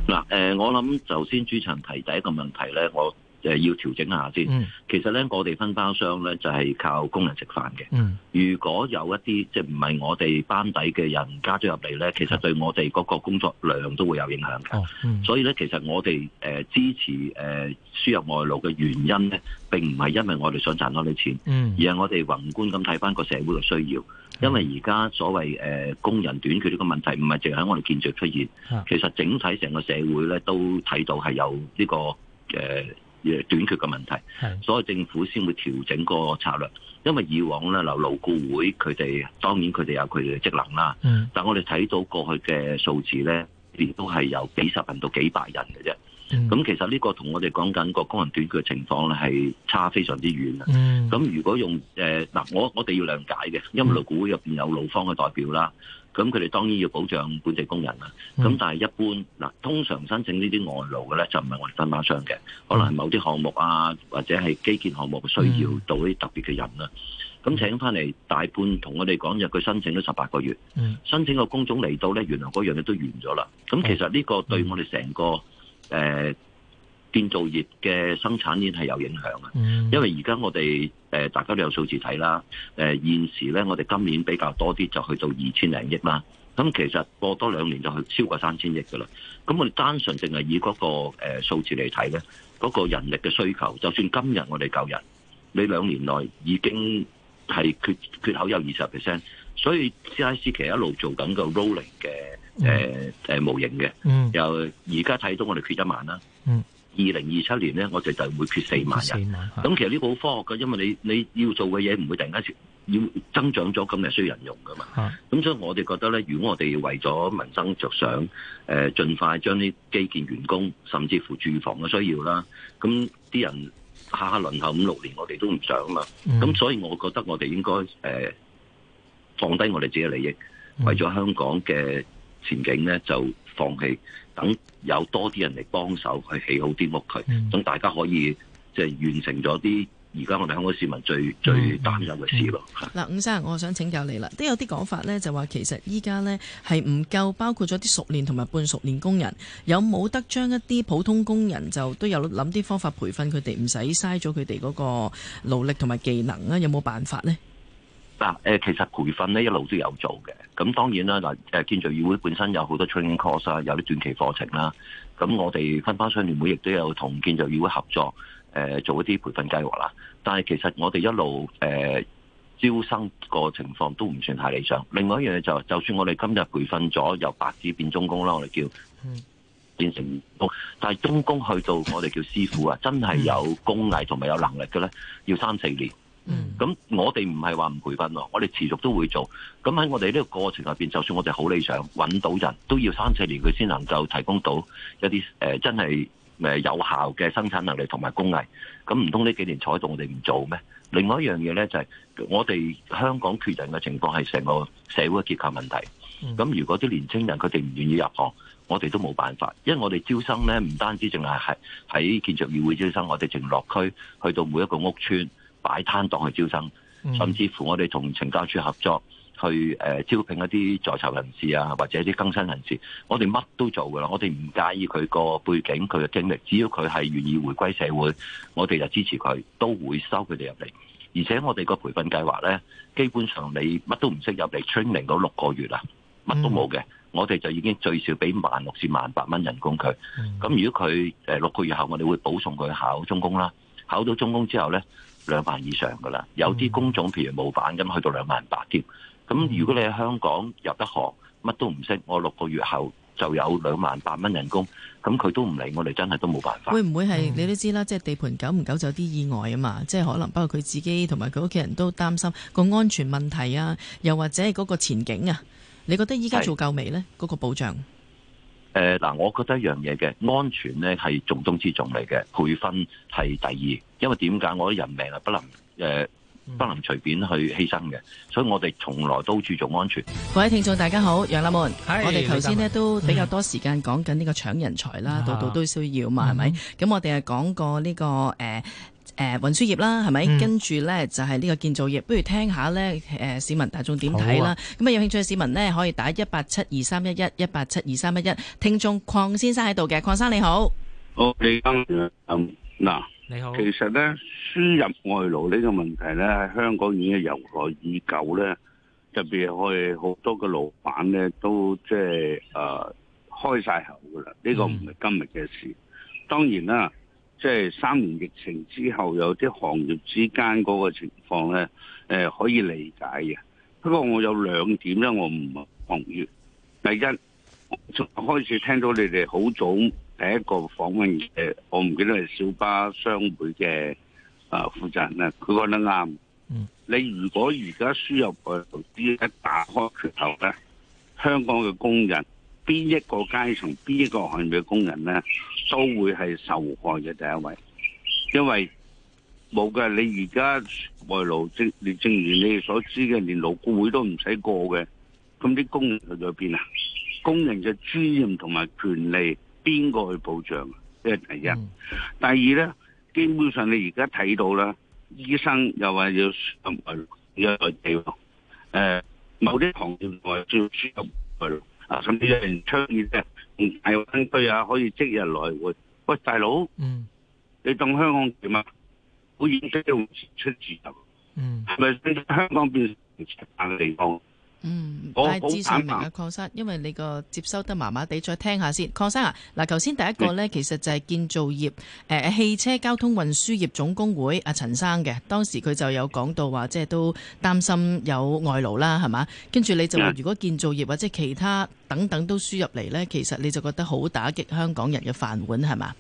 嗱，誒，我諗頭先主持提第一個問題咧，我。要調整一下先，其實咧，我哋分包商咧就係、是、靠工人食飯嘅。如果有一啲即係唔係我哋班底嘅人加咗入嚟咧，其實對我哋嗰個工作量都會有影響嘅。所以咧，其實我哋、呃、支持誒、呃、輸入外勞嘅原因咧，並唔係因為我哋想賺多啲錢，而係我哋宏觀咁睇翻個社會嘅需要。因為而家所謂、呃、工人短缺呢個問題，唔係淨係喺我哋建築出現，其實整體成個社會咧都睇到係有呢、這個、呃短缺嘅問題，所以政府先會調整個策略，因為以往呢，留勞顧會佢哋，當然佢哋有佢哋嘅職能啦，嗯、但我哋睇到過去嘅數字呢，亦都係有幾十人到幾百人嘅啫。咁、嗯、其實呢個同我哋講緊個工人短缺嘅情況呢係差非常之遠。咁、嗯、如果用誒嗱、呃，我我哋要量解嘅，因為勞顧會入面有勞方嘅代表啦。咁佢哋當然要保障本地工人啦。咁、嗯、但係一般嗱，通常申請呢啲外勞嘅咧，就唔係我哋分包商嘅，可能係某啲項目啊，或者係基建項目需要到啲特別嘅人啦。咁、嗯、請翻嚟大半同我哋講就，佢申請咗十八個月，嗯、申請個工種嚟到咧，原來嗰樣嘢都完咗啦。咁其實呢個對我哋成個誒。嗯呃建造業嘅生產鏈係有影響嘅，因為而家我哋誒，大家都有數字睇啦。誒，現時咧，我哋今年比較多啲就去到二千零億啦。咁其實過多兩年就去超過三千億噶啦。咁我哋單純淨係以嗰個誒數字嚟睇咧，嗰個人力嘅需求，就算今日我哋夠人，你兩年內已經係缺缺口有二十 percent。所以 CIC 其實一路做緊個 rolling 嘅誒誒模型嘅。嗯。又而家睇到我哋缺一萬啦。嗯。二零二七年咧，我哋就會缺四萬人。咁其實呢個好科學嘅，因為你你要做嘅嘢唔會突然間要增長咗，咁就需要人用噶嘛。咁是所以我哋覺得咧，如果我哋為咗民生着想，誒、呃，盡快將啲基建員工，甚至乎住房嘅需要啦，咁啲人下下輪候五六年，我哋都唔想啊嘛。咁、嗯、所以我覺得我哋應該誒、呃、放低我哋自己嘅利益，為咗香港嘅前景咧，就放棄等。有多啲人嚟幫手去起好啲屋佢，咁、嗯、大家可以即係完成咗啲而家我哋香港市民最、嗯、最擔憂嘅事咯。嗱、嗯，伍、嗯嗯、生，我想請教你啦，都有啲講法咧，就話其實依家咧係唔夠，包括咗啲熟練同埋半熟練工人，有冇得將一啲普通工人就都有諗啲方法培訓佢哋，唔使嘥咗佢哋嗰個勞力同埋技能啊？有冇辦法呢？嗱，誒其實培訓咧一路都有做嘅。咁當然啦嗱，誒建造業議會本身有好多 training course 啊，有啲短期課程啦，咁我哋分包商聯會亦都有同建造業議會合作，誒做一啲培訓計劃啦。但係其實我哋一路誒招生個情況都唔算太理想。另外一樣嘢，就就算我哋今日培訓咗由白紙變中工啦，我哋叫、mm. 變成工，但係中工去到我哋叫師傅啊，真係有工藝同埋有能力嘅咧，要三四年。咁我哋唔係話唔培訓喎，我哋持續都會做。咁喺我哋呢個過程入面，就算我哋好理想揾到人都要三四年佢先能夠提供到一啲誒、呃、真係誒有效嘅生產能力同埋工藝。咁唔通呢幾年採動我哋唔做咩？另外一樣嘢呢，就係、是、我哋香港缺人嘅情況係成個社會嘅結構問題。咁如果啲年青人佢哋唔願意入行，我哋都冇辦法，因為我哋招生呢，唔單止淨係喺喺建造業議會招生，我哋仲落區去到每一個屋邨擺攤檔去招生，甚至乎我哋同懲教處合作去誒招聘一啲在囚人士啊，或者一啲更新人士，我哋乜都做噶啦，我哋唔介意佢個背景、佢嘅經歷，只要佢係願意回歸社會，我哋就支持佢，都會收佢哋入嚟。而且我哋個培訓計劃呢，基本上你乜都唔識入嚟 training 嗰六個月啦，乜都冇嘅，我哋就已經最少俾萬六至萬八蚊人工佢。咁如果佢誒六個月後，我哋會保送佢考中工啦。考到中工之後呢，兩萬以上噶啦，有啲工種譬如模板咁，去到兩萬八添。咁如果你喺香港入得學，乜都唔識，我六個月後就有兩萬八蚊人工，咁佢都唔嚟，我哋真係都冇辦法。會唔會係你都知啦，即係地盤久唔久就有啲意外啊嘛，即係可能包括佢自己同埋佢屋企人都擔心個安全問題啊，又或者係嗰個前景啊？你覺得依家做夠未呢？嗰個保障？誒，嗱、呃，我覺得一樣嘢嘅安全呢，係重中之重嚟嘅，培訓係第二，因為點解我啲人命係不能，誒、呃、不能隨便去犧牲嘅，所以我哋從來都注重安全。嗯、各位聽眾大家好，楊立門，Hi, 我哋頭先咧都比較多時間講緊呢個搶人才啦，嗯、度度都需要嘛，係咪、嗯？咁我哋係講過呢、這個誒。呃誒、呃、運輸業啦，係咪？嗯、跟住咧就係、是、呢個建造業。不如聽下咧誒、呃、市民大眾點睇啦。咁啊，有興趣嘅市民咧可以打一八七二三一一一八七二三一一。聽眾鄺先生喺度嘅，鄺生你好。好，李嗱，你好。你好其實咧輸入外勞呢個問題咧，香港已經由來已久咧，特別係好多嘅老闆咧都即係誒開晒口噶啦。呢、這個唔係今日嘅事。嗯、當然啦。即係三年疫情之後，有啲行業之間嗰個情況咧，誒，可以理解嘅。不過我有兩點咧，我唔同意。第一，我開始聽到你哋好早第一個訪問誒，我唔記得係小巴商會嘅啊負責人呢，佢講得啱。嗯，你如果而家輸入去，一打開缺口咧，香港嘅工人邊一個階層、邊一個行業嘅工人咧？都會係受害嘅第一位，因為冇嘅。你而家外勞即正，正如你哋所知嘅，連勞顧會都唔使過嘅，咁啲工人去咗邊啊？工人嘅尊嚴同埋權利，邊個去保障啊？即係第一。嗯、第二咧，基本上你而家睇到啦，醫生又話要唔外要內地，誒、呃，某啲行業說要外要輸入去，啊，甚至有人倡議咧。大灣區啊，可以即日來回。喂、嗯，大佬，你當香港點啊？好遠都要出自由，係咪香港變成囚犯嘅地方？嗯，但係資深名啊，鄺生，因為你個接收得麻麻地，再聽下先。鄺生啊，嗱，頭先第一個呢，其實就係建造業誒你、啊，汽車交通運輸業總工會阿陳生嘅，當時佢就有講到話，即係都擔心有外勞啦，係嘛，跟住你就話如果建造業或者其他等等都輸入嚟呢，其實你就覺得好打擊香港人嘅飯碗係嘛？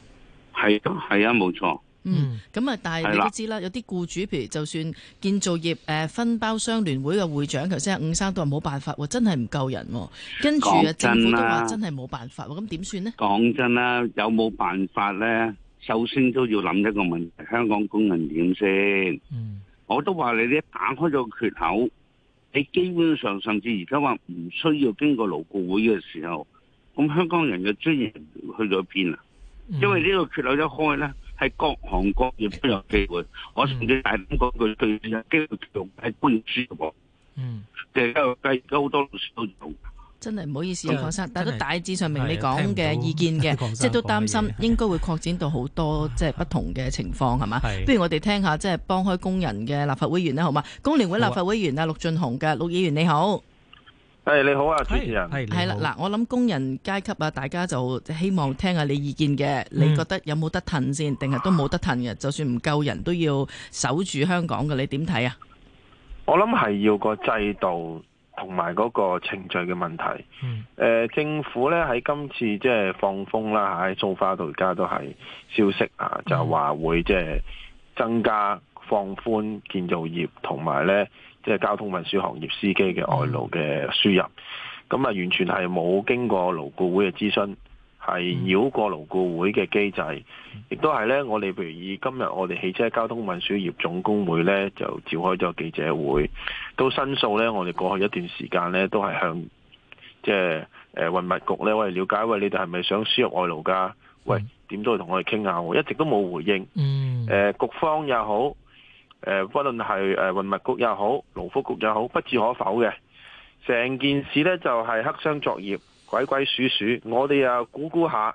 係，係啊，冇錯。嗯，咁啊、嗯，但係你都知啦，的有啲僱主，譬如就算建造業誒分包商聯會嘅會長，頭先阿伍生都話冇辦法喎，真係唔夠人喎。跟住政府都話真係冇辦法喎，咁點算呢？講真啦，有冇辦法呢？首先都要諗一個問題，香港工人點先？嗯，我都話你哋，打開咗缺口，你基本上甚至而家話唔需要經過勞顧會嘅時候，咁香港人嘅專業去咗邊啊？因為呢個缺口一開呢。喺各行各業都有機會，我上次大講句，對有機會用係搬磚嘅喎。嗯，即係而家都好多老師都唔到。真係唔好意思啊，鄺生，但都大致上明你講嘅意見嘅，即係都擔心，應該會擴展到好多即係、就是、不同嘅情況係嘛？是不如我哋聽下即係幫開工人嘅立法會議員啦，好嘛？工聯會立法會議員啊，陸頌雄嘅陸議員，你好。誒，hey, 你好啊，主持人係啦，嗱，我諗工人階級啊，大家就希望聽下你意見嘅，你覺得有冇得褪先，定係、嗯、都冇得褪嘅？啊、就算唔夠人都要守住香港嘅，你點睇啊？我諗係要個制度同埋嗰個程序嘅問題、嗯呃。政府呢喺今次即係放風啦，喺 so far 到而家都係消息啊，就話會即係增加放寬建造業同埋呢。即係交通運輸行業司機嘅外勞嘅輸入，咁啊完全係冇經過勞顧會嘅諮詢，係繞過勞顧會嘅機制，亦都係咧。我哋譬如以今日我哋汽車交通運輸業總工會咧，就召開咗記者會，都申訴咧。我哋過去一段時間咧，都係向即係誒運物局咧，喂，了解喂，你哋係咪想輸入外勞噶，喂，點都會同我哋傾下，一直都冇回應嗯、呃，局方又好。誒，不論係誒運物局又好，勞福局又好，不置可否嘅。成件事呢，就係黑箱作業，鬼鬼祟祟。我哋呀，估估下，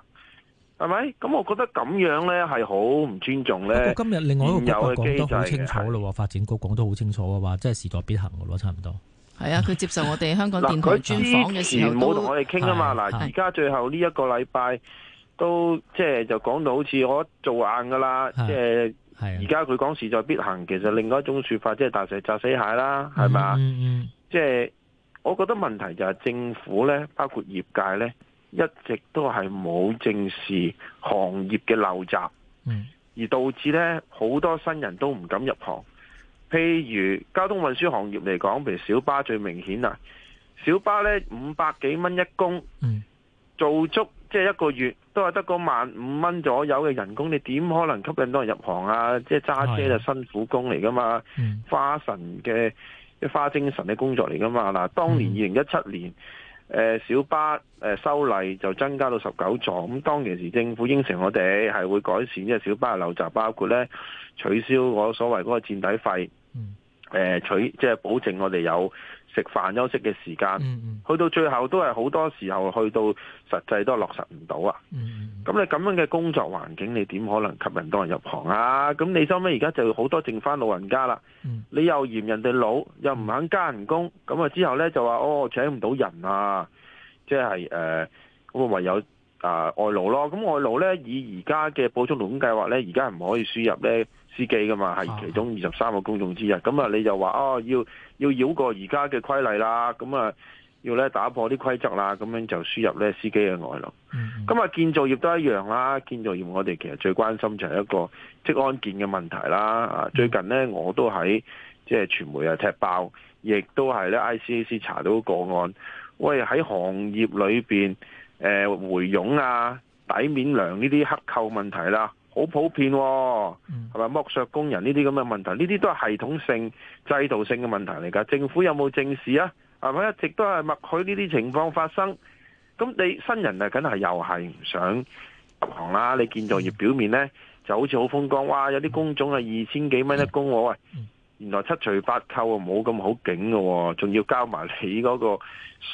係咪？咁我覺得咁樣呢，係好唔尊重呢。今日另外一個機構講得好清楚咯，的發展局講得好清楚嘅話，即係勢在必行嘅咯，差唔多。係啊，佢接受我哋香港電台專訪嘅時候、 [laughs] 呃、冇同我哋傾㗎嘛。嗱，而家最後呢一個禮拜都即係就講到好似我做硬噶啦，即係。而家佢講勢在必行，其實另外一種說法，即係大石砸死蟹啦，係咪？即係、mm hmm. 即係、我覺得問題就係政府呢，包括業界呢，一直都係冇正視行業嘅陋習，mm hmm. 而導致呢好多新人都唔敢入行。譬如交通運輸行業嚟講，譬如小巴最明顯啦，小巴呢，五百幾蚊一工，mm hmm. 做足。即係一個月都係得個萬五蚊左右嘅人工，你點可能吸引多人入行啊？即係揸車就辛苦工嚟噶嘛，的花神嘅花精神嘅工作嚟噶嘛。嗱，當年二零一七年，誒的、呃、小巴誒、呃、修例就增加到十九座。咁當其時政府應承我哋係會改善即係小巴嘅陋習，包括咧取消我所謂嗰個墊底費，誒的、呃、取即係保證我哋有食飯休息嘅時間，去到最後都係好多時候去到實際都落實唔到啊！咁你咁樣嘅工作環境，你點可能吸引到人入行啊？咁你收尾而家就好多剩翻老人家啦，你又嫌人哋老，又唔肯加人工，咁啊之後呢就，就話哦請唔到人啊，即係誒咁啊唯有。啊、呃、外勞咯，咁外勞咧以而家嘅補充勞工計劃咧，而家唔可以輸入咧司機噶嘛，係其中二十三個工種之一。咁啊，你就話哦，要要繞過而家嘅規例啦，咁、嗯、啊要咧打破啲規則啦，咁樣就輸入咧司機嘅外勞。咁、嗯、啊，建造業都一樣啦，建造業我哋其實最關心就係一個職安健嘅問題啦。啊，最近咧我都喺即係傳媒啊踢爆，亦都係咧 ICAC 查到個案。喂，喺行業裏面。誒回傭啊、底面糧呢啲黑扣問題啦，啊，好普遍喎，啊，係咪剝削工人呢啲咁嘅問題？呢啲都係系統性、制度性嘅問題嚟㗎。政府有冇正視啊？係咪一直都係默許呢啲情況發生？咁你新人是是啊，梗係又係唔想入行啦。你建造業表面呢，就好似好風光，哇！有啲工種啊，二千幾蚊一工喎，啊，喂，原來七除八扣啊，冇咁好景嘅，仲要交埋起嗰個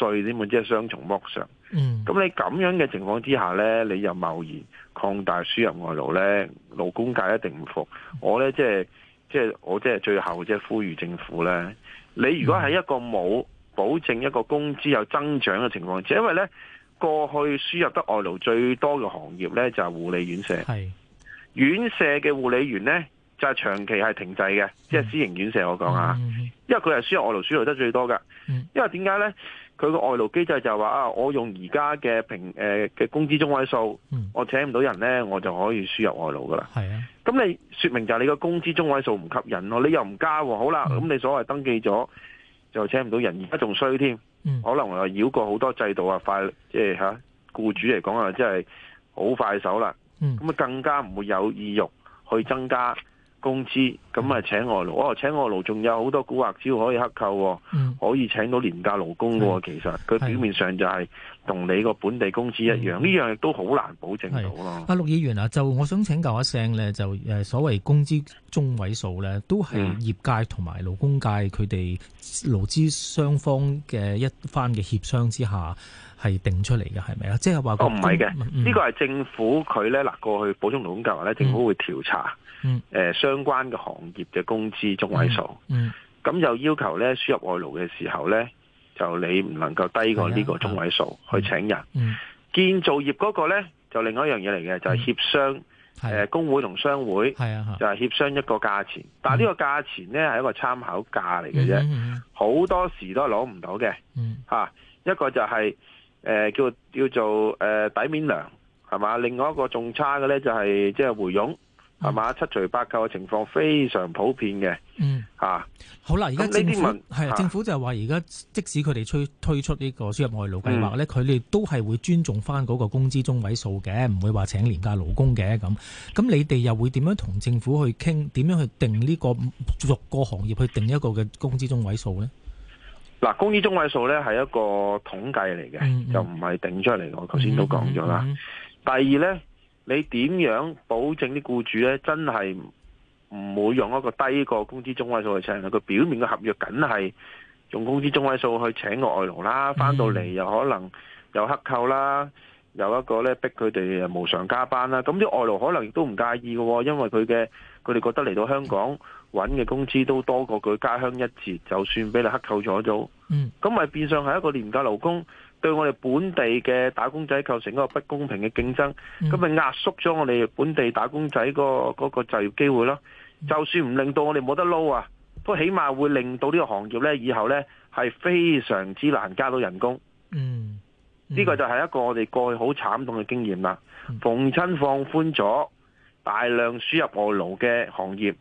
稅，點啊，即係雙重剝削。嗯，咁你咁樣嘅情況之下咧，你又貿然擴大輸入外勞咧，勞工界一定唔服。嗯、我咧即係即係我即係最後即係呼籲政府咧，你如果喺一個冇保證一個工資有增長嘅情況之，因為咧過去輸入得外勞最多嘅行業咧就係護理院舍，係是院舍嘅護理員咧就係、是、長期係停滯嘅，即係、嗯、私營院舍我講啊，嗯、因為佢係輸入外勞輸入得最多嘅，嗯、因為點解咧？佢個外勞機制就係話啊，我用而家嘅平嘅、呃、工資中位數，嗯、我請唔到人咧，我就可以輸入外勞噶啦。啊，咁你說明就係你個工資中位數唔吸引咯，你又唔加喎、哦。好啦，咁、嗯、你所謂登記咗就請唔到人，而家仲衰添，嗯、可能我繞過好多制度、嗯、啊，雇快即係吓，僱主嚟講啊，即係好快手啦。咁啊、嗯、更加唔會有意欲去增加。工資咁啊請外勞，哦，請外勞仲有好多古惑招可以克扣喎，嗯、可以請到廉價勞工喎。其實佢表面上就係同你個本地工資一樣，呢、嗯、樣都好難保證到咯。阿陸議員啊，就我想請教一聲咧，就所謂工資中位數咧，都係業界同埋勞工界佢哋勞資雙方嘅一番嘅協商之下係定出嚟嘅，係咪啊？即係話哦唔係嘅，呢個係政府佢咧嗱，過去補充勞工計劃咧，政府會調查。嗯誒、嗯呃，相關嘅行業嘅工資中位數、嗯，嗯，咁又要求咧輸入外勞嘅時候咧，就你唔能夠低過呢個中位數去請人。嗯，嗯嗯建造業嗰個咧就另外一樣嘢嚟嘅，就係、是、協商誒、嗯呃、工會同商會係啊，就係協商一個價錢，嗯、但係呢個價錢咧係一個參考價嚟嘅啫，好多時都攞唔到嘅。嗯，吓、嗯嗯啊、一個就係誒叫叫做誒、呃、底面糧係嘛，另外一個仲差嘅咧就係即係回佣。係嘛，七除八扣嘅情況非常普遍嘅。嗯，吓、啊、好啦，而家呢啲問係啊，政府就係話，而家即使佢哋推推出呢個輸入外勞計劃咧，佢哋、嗯、都係會尊重翻嗰個工資中位數嘅，唔會話請廉價勞工嘅咁。咁你哋又會點樣同政府去傾？點樣去定呢、這個逐個行業去定一個嘅工資中位數咧？嗱，工資中位數咧係一個統計嚟嘅，嗯嗯就唔係定出嚟。我頭先都講咗啦。嗯嗯嗯嗯第二咧。你點樣保證啲僱主咧真係唔會用一個低過工資中位數去請咧？佢表面嘅合約緊係用工資中位數去請個外勞啦，翻到嚟又可能又克扣啦，又一個咧逼佢哋無償加班啦。咁啲外勞可能亦都唔介意嘅，因為佢嘅佢哋覺得嚟到香港揾嘅工資都多過佢家鄉一截，就算俾你克扣咗都，嗯，咁咪變相係一個廉價勞工。對我哋本地嘅打工仔構成一個不公平嘅競爭，咁咪壓縮咗我哋本地打工仔個嗰、嗰個就業機會咯。嗯、就算唔令到我哋冇得撈啊，都起碼會令到呢個行業呢以後呢係非常之難加到人工嗯。嗯，呢個就係一個我哋過去好慘痛嘅經驗啦。嗯、逢親放寬咗大量輸入外勞嘅行業，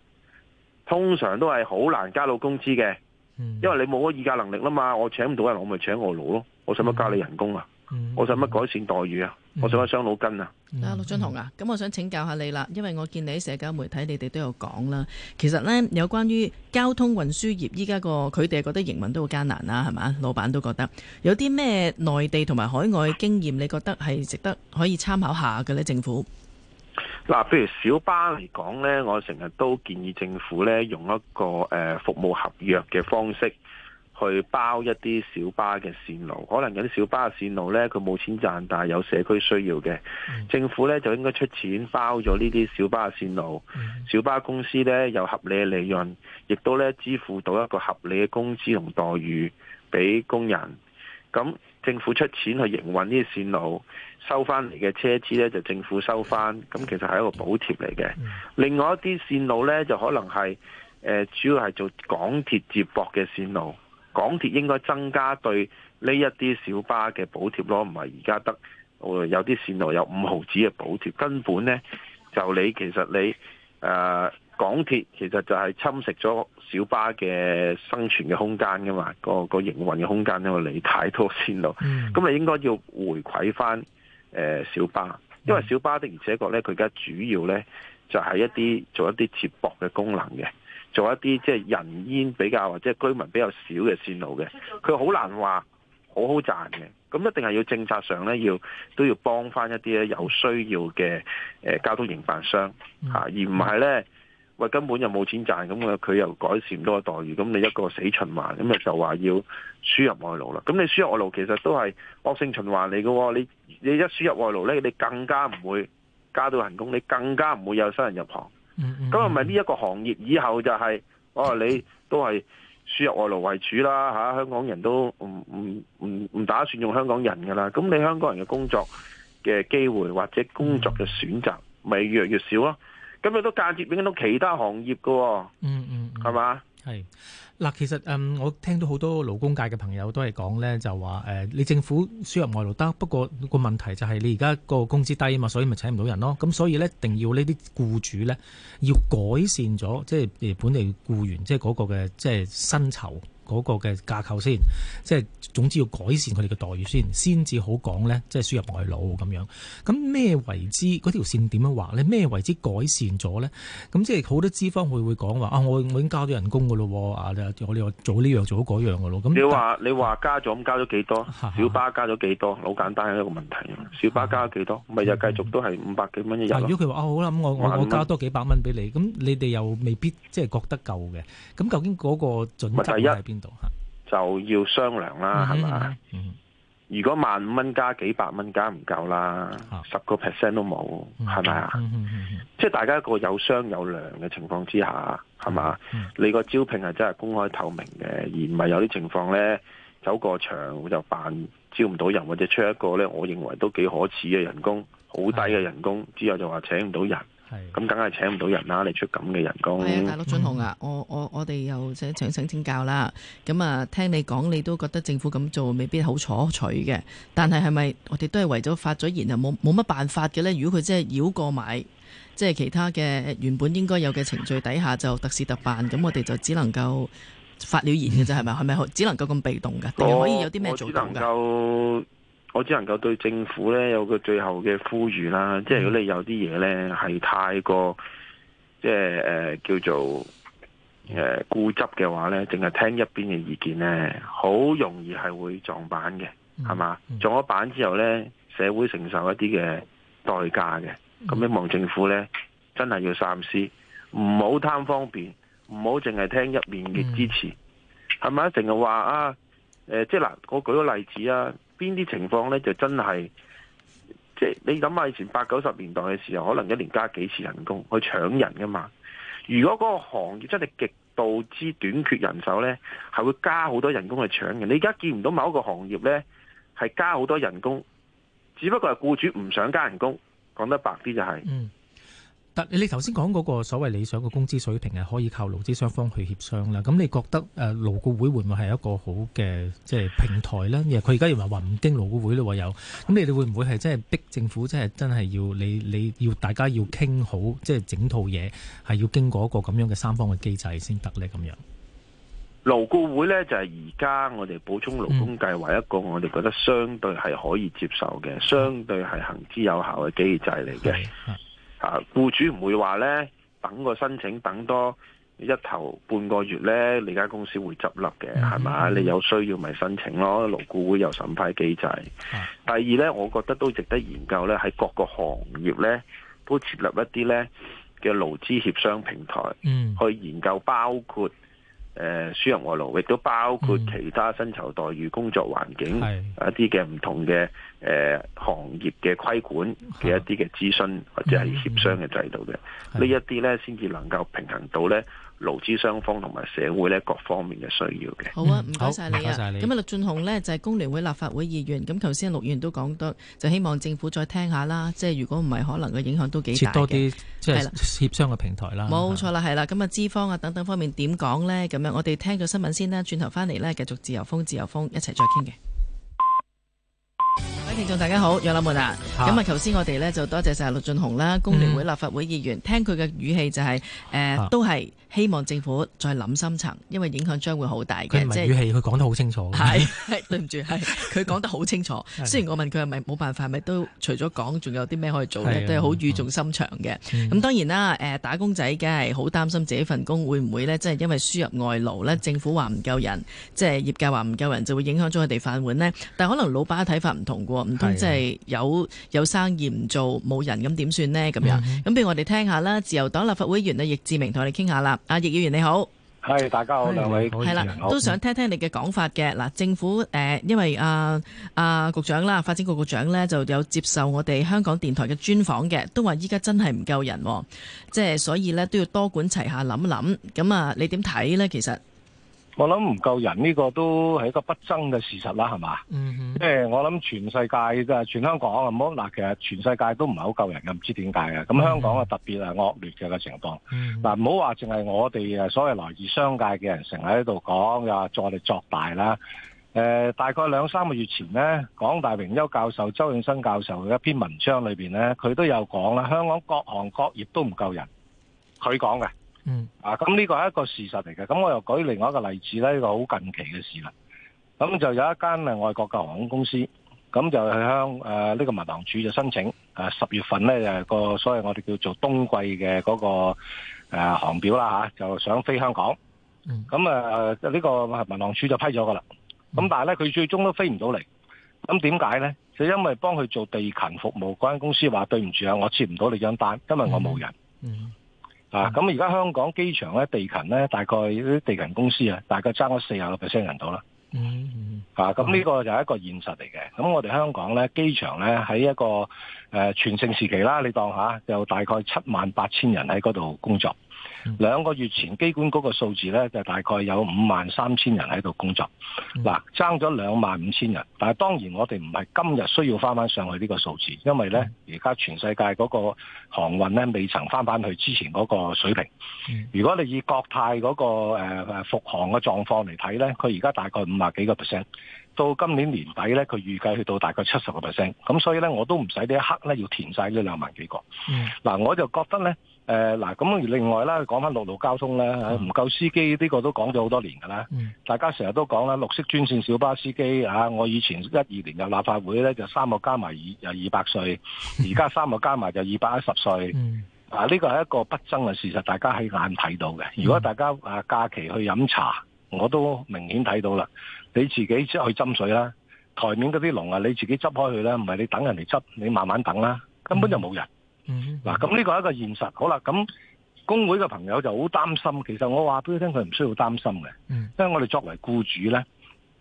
通常都係好難加到工資嘅，因為你冇咗議價能力啦嘛。我請唔到人，我咪請外勞咯。我想乜加你人工啊？嗯、我想乜改善待遇啊？嗯、我想乜傷腦筋啊？啊，陸頌雄啊，咁、嗯嗯、我想請教下你啦，因為我見你喺社交媒體，你哋都有講啦。其實呢，有關於交通運輸業，依家個佢哋覺得營運都好艱難啦、啊，係嘛？老闆都覺得有啲咩內地同埋海外經驗，你覺得係值得可以參考下嘅呢？政府嗱，譬、啊、如小巴嚟講呢，我成日都建議政府呢，用一個誒、呃、服務合約嘅方式。去包一啲小巴嘅線路，可能有啲小巴嘅線路咧，佢冇錢賺，但係有社區需要嘅，mm. 政府咧就應該出錢包咗呢啲小巴嘅線路，mm. 小巴公司咧有合理嘅利潤，亦都咧支付到一個合理嘅工資同待遇俾工人。咁政府出錢去營運呢啲線路，收翻嚟嘅車資咧就政府收翻，咁其實，係一個補貼嚟嘅。Mm. 另外一啲線路咧就可能係、呃、主要係做港鐵接駁嘅線路。港鐵應該增加對呢一啲小巴嘅補貼咯，唔係而家得有啲線路有五毫子嘅補貼，根本呢就你其實你誒、呃、港鐵其實就係侵蝕咗小巴嘅生存嘅空間噶嘛，個個營運嘅空間因為你太多線路，咁、mm. 你應該要回饋翻誒、呃、小巴，因為小巴的而且確呢，佢而家主要呢就係、是、一啲做一啲接駁嘅功能嘅。做一啲即係人煙比較或者居民比較少嘅線路嘅，佢好難話好好賺嘅。咁一定係要政策上咧，要都要幫翻一啲咧有需要嘅誒、呃、交通營辦商吓、啊，而唔係咧喂根本又冇錢賺，咁啊佢又改善唔到個待遇，咁你一個死循環，咁啊就話要輸入外勞啦。咁你輸入外勞其實都係惡性循環嚟嘅喎。你你一輸入外勞咧，你更加唔會加到人工，你更加唔會有新人入行。咁係咪呢一個行業以後就係、是、哦你都係輸入外勞為主啦，吓、啊，香港人都唔唔唔唔打算用香港人噶啦，咁你香港人嘅工作嘅機會或者工作嘅選擇咪、嗯、越嚟越少咯，咁佢都間接影響到其他行業噶、哦嗯，嗯嗯，係嘛？係嗱，其實嗯，我聽到好多勞工界嘅朋友都係講咧，就話誒，你政府輸入外勞得，不過個問題就係你而家個工資低啊嘛，所以咪請唔到人咯。咁所以咧，一定要呢啲僱主咧要改善咗，即係誒本地僱員，即係嗰個嘅即係薪酬。嗰個嘅架構先，即係總之要改善佢哋嘅待遇先，先至好講咧，即係輸入外勞咁樣。咁咩為之嗰條線點樣畫咧？咩為之改善咗咧？咁即係好多資方會會講話啊！我我已經加咗人工㗎咯，啊！我哋、啊、我，我做呢樣、這個、做嗰樣㗎咯。咁你話說但你話加咗咁加咗幾多？啊、小巴加咗幾多？好簡單一個問題。小巴加咗幾多？咪又、啊、繼續都係五百幾蚊一日。如果佢話好啦，我我我加多幾百蚊俾你，咁你哋又未必即係、就是、覺得夠嘅。咁究竟嗰個準則係邊？就要商量啦，係咪？如果萬五蚊加幾百蚊加唔夠啦，十個 percent 都冇，係咪啊？ [laughs] 即係大家一個有商有量嘅情況之下，係嘛？你個招聘係真係公開透明嘅，而唔係有啲情況呢，走過場就扮招唔到人，或者出一個呢，我認為都幾可恥嘅人工，好低嘅人工之後就話請唔到人。係，咁梗係請唔到人啦，啊！你出咁嘅人工，係啊，大陸頌雄啊，嗯、我我我哋又想請請請教啦。咁啊，聽你講，你都覺得政府咁做未必好可取嘅。但係係咪我哋都係為咗發咗言，又冇冇乜辦法嘅咧？如果佢真係繞過埋即係其他嘅原本應該有嘅程序底下，就特事特辦，咁我哋就只能夠發了言嘅啫，係咪？係咪只能夠咁被動噶，定可以有啲咩做，哦？我只能夠。我只能夠對政府咧有個最後嘅呼籲啦，即係如果你有啲嘢咧係太過即係誒叫做誒固執嘅話咧，淨係聽一邊嘅意見咧，好容易係會撞板嘅，係嘛？嗯，嗯，撞咗板之後咧，社會承受一啲嘅代價嘅，咁希望政府咧真係要三思，唔好貪方便，唔好淨係聽一邊嘅支持，係咪？淨係話啊，誒，即係嗱，我舉個例子啊。邊啲情況呢？就真係，即係你諗下以前八九十年代嘅時候，可能一年加幾次人工去搶人噶嘛？如果嗰個行業真係極度之短缺人手呢，係會加好多人工去搶人。你而家見唔到某一個行業呢，係加好多人工，只不過係僱主唔想加人工，講得白啲就係。嗯但你你頭先講嗰個所謂理想嘅工資水平係可以靠勞資雙方去協商啦，咁你覺得誒勞顧會會唔會係一個好嘅即係平台呢？因為佢而家又話唔經勞顧會咯，有。咁你哋會唔會係真係逼政府即係真係要你你要大家要傾好即係、就是、整套嘢係要經過一個咁樣嘅三方嘅機制先得呢？咁樣勞顧會呢，就係而家我哋補充勞工計劃一個我哋覺得相對係可以接受嘅，嗯、相對係行之有效嘅機制嚟嘅。啊！僱主唔會話呢，等個申請等多一頭半個月呢，你間公司會執笠嘅，係咪？你有需要咪申請咯，勞雇會有審批機制。第二呢，我覺得都值得研究呢，喺各個行業呢，都設立一啲呢嘅勞資協商平台，嗯，去研究包括。誒、呃、輸入外勞，亦都包括其他薪酬待遇、工作環境、嗯、一啲嘅唔同嘅誒、呃、行業嘅規管嘅係一啲嘅諮詢或者係協商嘅制度嘅，嗯、呢一啲咧先至能夠平衡到咧。勞資雙方同埋社會咧各方面嘅需要嘅。好啊，唔該晒你啊！咁啊、嗯，陸頌雄呢，就係工聯會立法會議員。咁頭先陸議員都講到，就希望政府再聽下啦。即係如果唔係，可能嘅影響都幾大。多啲即係協商嘅平台啦。冇錯啦，係啦。咁是啊，資方啊等等方面點講呢？咁樣我哋聽咗新聞先啦，轉頭翻嚟呢，繼續自由風自由風一齊再傾嘅。各位、哎、聽眾大家好，養老們啊。咁啊，頭先我哋呢，就多謝晒陸頌雄啦，工聯、啊、會立法會議員。嗯、聽佢嘅語氣就係、是、誒，呃啊、都係。希望政府再諗深層，因為影響將會好大。佢即語氣，佢講得好清楚。係，對對唔住，佢講得好清楚。雖然我問佢係咪冇辦法，咪都除咗講，仲有啲咩可以做咧？都係好語重心長嘅。咁當然啦，打工仔梗係好擔心自己份工會唔會咧，即係因為輸入外勞咧，政府話唔夠人，即係業界話唔夠人，就會影響咗佢哋飯碗呢。但可能老闆嘅睇法唔同嘅喎，唔通即係有有生意唔做冇人咁點算呢？咁樣咁俾我哋聽下啦。自由黨立法會議員啊，易志明同我哋傾下啦。啊，易議員你好，係大家好，兩位係啦的都想聽聽你嘅講法嘅，嗱，政府誒、呃、因為啊啊、呃呃、局長啦，發展局局長咧就有接受我哋香港電台嘅專訪嘅，都話依家真係唔夠人、哦，即係所以咧都要多管齊下諗諗，咁啊你點睇呢？其實。我諗唔夠人呢、呢個都係一個不爭嘅事實啦，係嘛？即係、mm hmm. 我諗全世界噶，全香港，唔好嗱，其實全世界都唔係好夠人噶，唔知點解啊？咁香港啊特別係惡劣嘅個情況。嗱、mm，唔好話淨係我哋誒，所謂來自商界嘅人成日喺度講，又話助力作大啦。誒，大概兩三個月前呢，港大榮休教授周永生教授嘅一篇文章裏邊呢，佢都有講啦，香港各行各業都唔夠人，佢講嘅。啊，咁呢、嗯、個係一個事實嚟嘅，咁我又舉另外一個例子咧，呢個好近期嘅事啦。咁就有一間誒外國嘅航空公司，咁就去向誒呢、呃這個民航處就申請，誒、呃、十月份咧就、那個所謂我哋叫做冬季嘅嗰、那個誒航、呃、表啦吓，就想飛香港。咁啊呢個民航處就批咗噶啦。咁但係咧佢最終都飛唔到嚟。咁點解咧？就因為幫佢做地勤服務嗰間、那個、公司話對唔住啊，我接唔到你張單，因為我冇人嗯。嗯。啊，咁而家香港機場咧，地勤咧，大概啲地勤公司啊，大概爭咗四十個 percent 人到啦。啊、嗯，咁、嗯、呢、嗯、個就係一個現實嚟嘅。咁我哋香港咧，機場咧，喺一個誒、呃、全盛時期啦，你當下就大概七萬八千人喺嗰度工作。兩、嗯、個月前機，機管局個數字咧就大概有五萬三千人喺度工作，嗱、嗯，爭咗兩萬五千人。但係當然我哋唔係今日需要翻翻上去呢個數字，因為咧而家全世界嗰個航運咧未曾翻翻去之前嗰個水平。嗯、如果你以國泰嗰、嗰個誒復、呃、航嘅狀況嚟睇咧，佢而家大概五十幾個 percent，到今年年底咧佢預計去到大概七十個 percent。咁所以咧我都唔使呢一刻咧要填晒呢兩萬幾個。嗱、嗯，我就覺得咧。誒嗱，咁、呃、另外啦，講翻陸路交通啦，唔、嗯、夠司機，呢、呢個都講咗好多年㗎啦。嗯、大家成日都講啦，綠色專線小巴司機啊，我以前一二年有立法會呢，就三個加埋二二百歲，而家三個加埋就二百一十歲。嗯、啊呢、呢個係一個不爭嘅事實，大家喺眼睇到嘅。如果大家啊假期去飲茶，我都明顯睇到啦。你自己即去斟水啦，台面嗰啲龍啊，你自己執開佢啦，唔係你等人嚟執，你慢慢等啦，根本就冇人。嗯嗯嗱，咁呢個係一個現實，好啦，咁工會嘅朋友就好擔心。其實我話俾佢聽，佢唔需要擔心嘅，嗯、因為我哋作為僱主呢，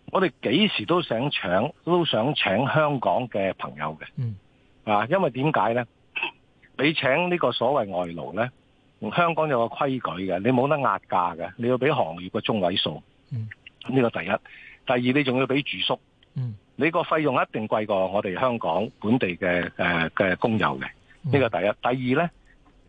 我哋幾時都想請都想請香港嘅朋友嘅，嗯、啊，因為點解呢？你請呢個所謂外勞呢，香港有個規矩嘅，你冇得壓價嘅，你要俾行業嘅中位數，咁呢、嗯、個第一。第二，你仲要俾住宿，嗯、你個費用一定貴過我哋香港本地嘅誒嘅工友嘅。呢個、嗯、第一，第二呢，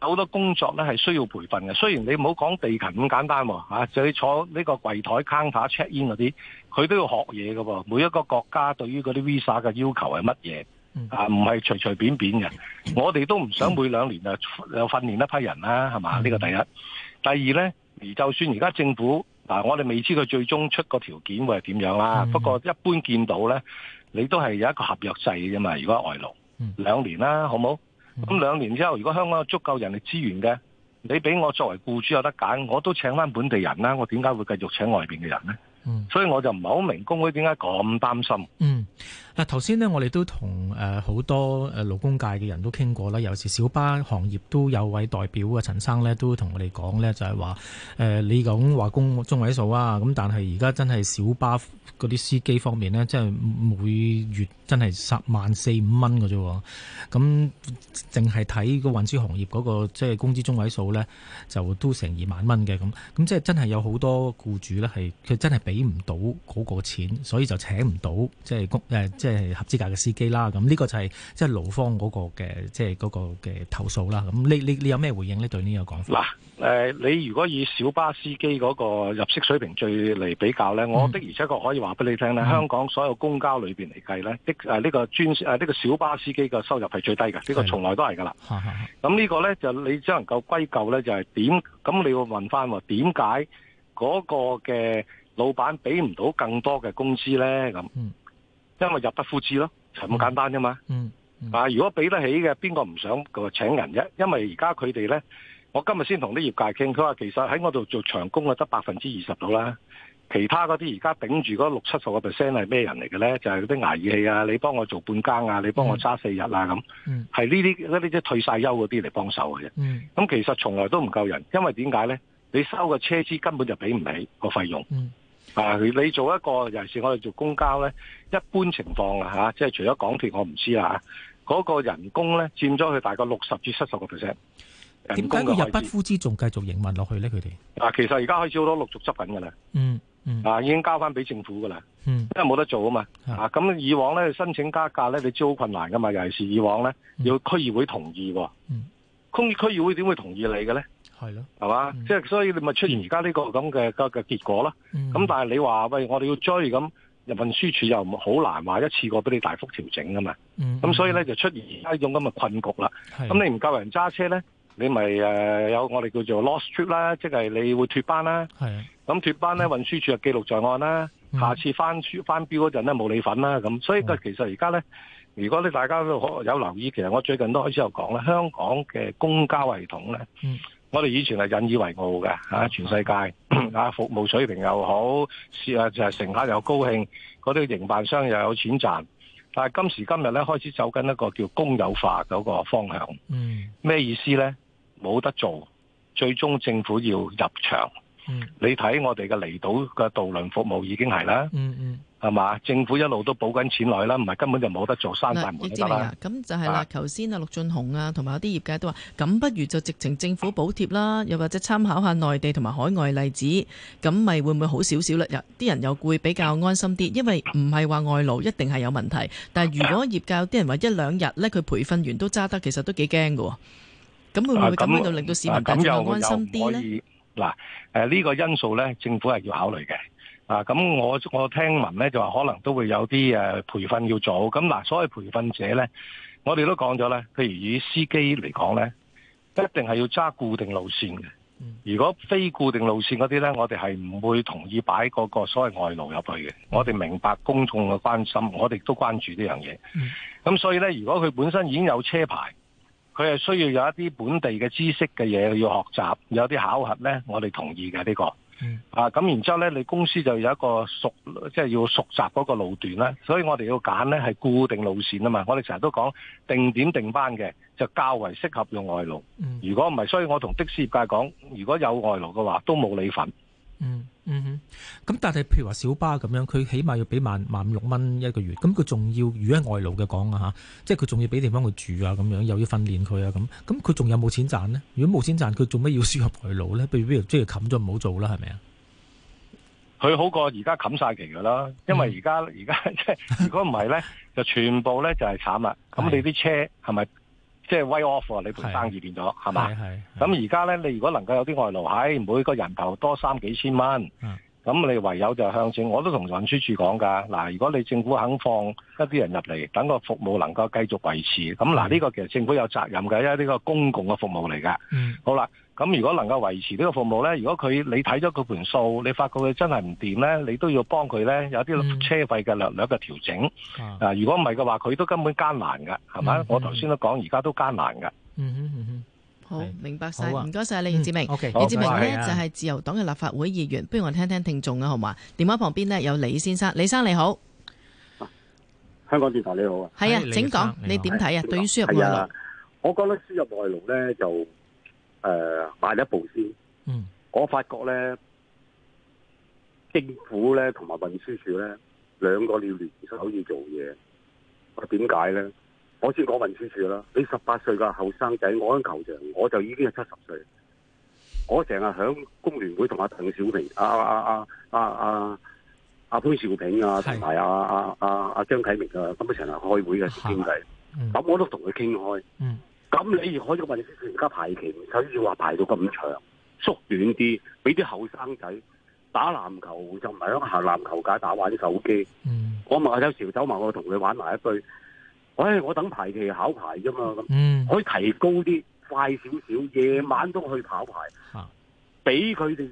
有好多工作呢係需要培訓嘅。雖然你唔好講地勤咁簡單喎、啊啊，就你坐呢個櫃台 counter check in 嗰啲，佢都要學嘢㗎喎。每一個國家對於嗰啲 visa 嘅要求係乜嘢啊？唔係隨隨便便嘅。嗯、我哋都唔想每兩年就訓練一批人啦、啊，係嘛？呢個、嗯、第一，第二呢。而就算而家政府嗱、啊，我哋未知佢最終出個條件會係點樣啦、啊。嗯、不過一般見到呢，你都係有一個合約制嘅嘛。如果外勞、嗯、兩年啦、啊，好冇？咁、嗯、兩年之後，如果香港有足夠人力資源嘅，你俾我作為僱主有得揀，我都請翻本地人啦。我點解會繼續請外邊嘅人呢？嗯、所以我就唔係好明工會點解咁擔心。嗯頭先咧，我哋都同誒好多誒勞工界嘅人都傾過啦。有時小巴行業都有位代表，就是呃、位啊，陳生咧都同我哋講咧，就係話誒你講話工中位數啊，咁但係而家真係小巴嗰啲司機方面咧，即係每月真係十萬四五蚊嘅啫。咁淨係睇個運輸行業嗰個即係工資中位數咧，就都成二萬蚊嘅咁。咁即係真係有好多僱主咧係佢真係俾唔到嗰個錢，所以就請唔到即係工即。呃即係合資格嘅司機啦，咁呢個就係即係勞方嗰個嘅即係嗰個嘅投訴啦。咁你你你有咩回應呢？對呢個講法？嗱，誒、呃，你如果以小巴司機嗰個入息水平最嚟比較咧，嗯、我的而且確可以話俾你聽咧，嗯、香港所有公交裏邊嚟計咧的誒呢個專誒呢個小巴司機嘅收入係最低噶，呢的個從來都係噶啦。咁、嗯、呢個咧就你只能夠歸咎咧就係點？咁你要問翻點解嗰個嘅老闆俾唔到更多嘅工資咧？咁、嗯。因為入不敷支咯，就咁簡單啫嘛。嗯，嗯，嗯、啊、如果俾得起嘅，邊個唔想個請人啫？因為而家佢哋咧，我今日先同啲業界傾，佢話其實喺我度做長工啊，得百分之二十到啦。其他嗰啲而家頂住嗰六七十個 percent 係咩人嚟嘅咧？就係嗰啲捱義氣啊！你幫我做半更啊！你幫我揸四日啊！咁係呢啲呢啲退晒休嗰啲嚟幫手嘅啫。咁、嗯嗯、其實從來都唔夠人，因為點解咧？你收個車資根本就俾唔起個費用。嗯啊！你做一個，尤其是我哋做公交咧，一般情況啊吓，即係除咗港鐵我唔知啦。嗰、啊嗰個人工咧，佔咗佢大概六十至七十個 percent。點解佢入不敷支仲繼續營運落去咧？佢哋啊，其實而家開始好多陸續執緊嘅啦。嗯啊，已經交翻俾政府嘅啦。嗯，因為冇得做啊嘛。的啊，咁以往咧，申請加價咧，你知好困難嘅嘛？尤其是以往咧、嗯、要區議會同意、啊。嗯，空區議會點會同意你嘅咧？係咯，係嘛，即係、嗯、所以你咪出現而家呢個咁嘅個個結果咯。咁、嗯、但係你話喂，我哋要追咁，運輸署又唔好難話一次過俾你大幅調整啊嘛。咁、嗯、所以咧就出現呢種咁嘅困局啦。咁的你唔夠人揸車咧，你咪誒、呃、有我哋叫做 lost trip 啦，即係你會脱班啦。係咁脱班咧，運輸署就記錄在案啦。嗯、下次翻書翻標嗰陣咧冇你份啦。咁所以其實而家咧，如果你大家都可有留意，其實我最近都開始有講咧，香港嘅公交系統咧。嗯我哋以前係引以為傲嘅、啊，全世界、嗯， [coughs] 服務水平又好，是啊就係乘客又高興，嗰啲營辦商又有錢賺。但係今時今日咧，開始走緊一個叫公有化嗰個方向。嗯。咩意思呢？冇得做，最終政府要入場。嗯、你睇我哋嘅離島嘅渡輪服務已經係啦、嗯。嗯嗯。係嘛？政府一路都補緊錢落去啦，唔係根本就冇得做三大門得啦。咁就係啦，頭先啊陸頌雄啊，同埋有啲業界都話，咁不如就直情政府補貼啦，又或者參考下內地同埋海外例子，咁咪會唔會好少少咧？又啲人又會比較安心啲，因為唔係話外勞一定係有問題，但係如果業界有啲人話一兩日咧，佢培訓完都揸得，其實都幾驚嘅。咁會唔會咁樣就令到市民大家更安心啲咧？嗱，誒呢個因素咧，政府係要考慮嘅。啊，咁我我聽聞咧就話可能都會有啲誒培訓要做，咁嗱，所謂培訓者咧，我哋都講咗咧，譬如以司機嚟講咧，一定係要揸固定路線嘅。如果非固定路線嗰啲咧，我哋係唔會同意擺嗰個所謂外勞入去嘅。我哋明白公眾嘅關心，我哋都關注呢樣嘢。咁、嗯、所以咧，如果佢本身已經有車牌，佢係需要有一啲本地嘅知識嘅嘢要學習，有啲考核咧，我哋同意嘅呢、呢個。是啊，咁然之後咧，你公司就有一個熟，即係要熟習嗰個路段啦，所以我哋要揀咧係固定路線啊嘛，我哋成日都講定點定班嘅，就較為適合用外勞。如果唔係，所以我同的士業界講，如果有外勞嘅話，都冇你份。嗯嗯哼，咁但係譬如話小巴咁樣，佢起碼要俾萬萬五六蚊一個月，咁佢仲要如果外勞嘅講啊吓，即係佢仲要俾地方佢住啊，咁樣又要訓練佢啊，咁咁佢仲有冇錢賺呢？如果冇錢賺，佢做咩要輸入外勞咧？譬如譬如即係冚咗唔好做啦，係咪啊？佢好過而家冚晒期噶啦，因為而家而家即係如果唔係咧， [laughs] 就全部咧就係慘啦。咁 [laughs] 你啲車係咪？是是即係威 off 你盤生意變咗，係嘛是？咁而家咧，你如果能夠有啲外勞喺、哎，每個人頭多三幾千蚊，咁的你唯有就向政府，我都同運輸處講㗎。嗱，如果你政府肯放一啲人入嚟，等個服務能夠繼續維持，咁嗱，呢、這個其實政府有責任㗎，因為呢個公共嘅服務嚟㗎。嗯的，好啦。咁如果能夠維持呢個服務呢？如果佢你睇咗佢盤數，你發覺佢真係唔掂呢？你都要幫佢呢，有啲車費嘅略略嘅調整。啊，如果唔係嘅話，佢都根本艱難㗎，係咪？我頭先都講，而家都艱難㗎。嗯，好明白晒，唔該晒易志明。易志明呢，就係自由黨嘅立法會議員，不如我聽聽聽眾啊，好嘛？電話旁邊呢，有李先生。李生你好，香港電台你好，係啊，請講你點睇啊？對於輸入外勞，我覺得輸入外勞呢，就。誒，邁、呃、一步先。嗯，我發覺咧，政府咧同埋運輸署咧兩個要聯手要做嘢。我點解咧？我先講運輸署啦。你十八歲嘅後生仔，我喺球場我就已經係七十歲。我成日響工聯會同阿鄧小平、阿啊啊啊阿、啊啊、潘兆平啊，同埋阿阿阿阿張啟明啊，咁樣成日開會嘅傾偈。咁的、嗯、我都同佢傾開。嗯咁你亦可以問你佢而家排期唔使要話排到咁長，縮短啲，俾啲後生仔打籃球就唔係響下籃球架打玩手機。嗯，我咪有時走埋，我同佢玩埋一堆。唉、哎，我等排期考牌啫嘛，咁、嗯、可以提高啲，快少少，夜晚都去跑牌。俾佢哋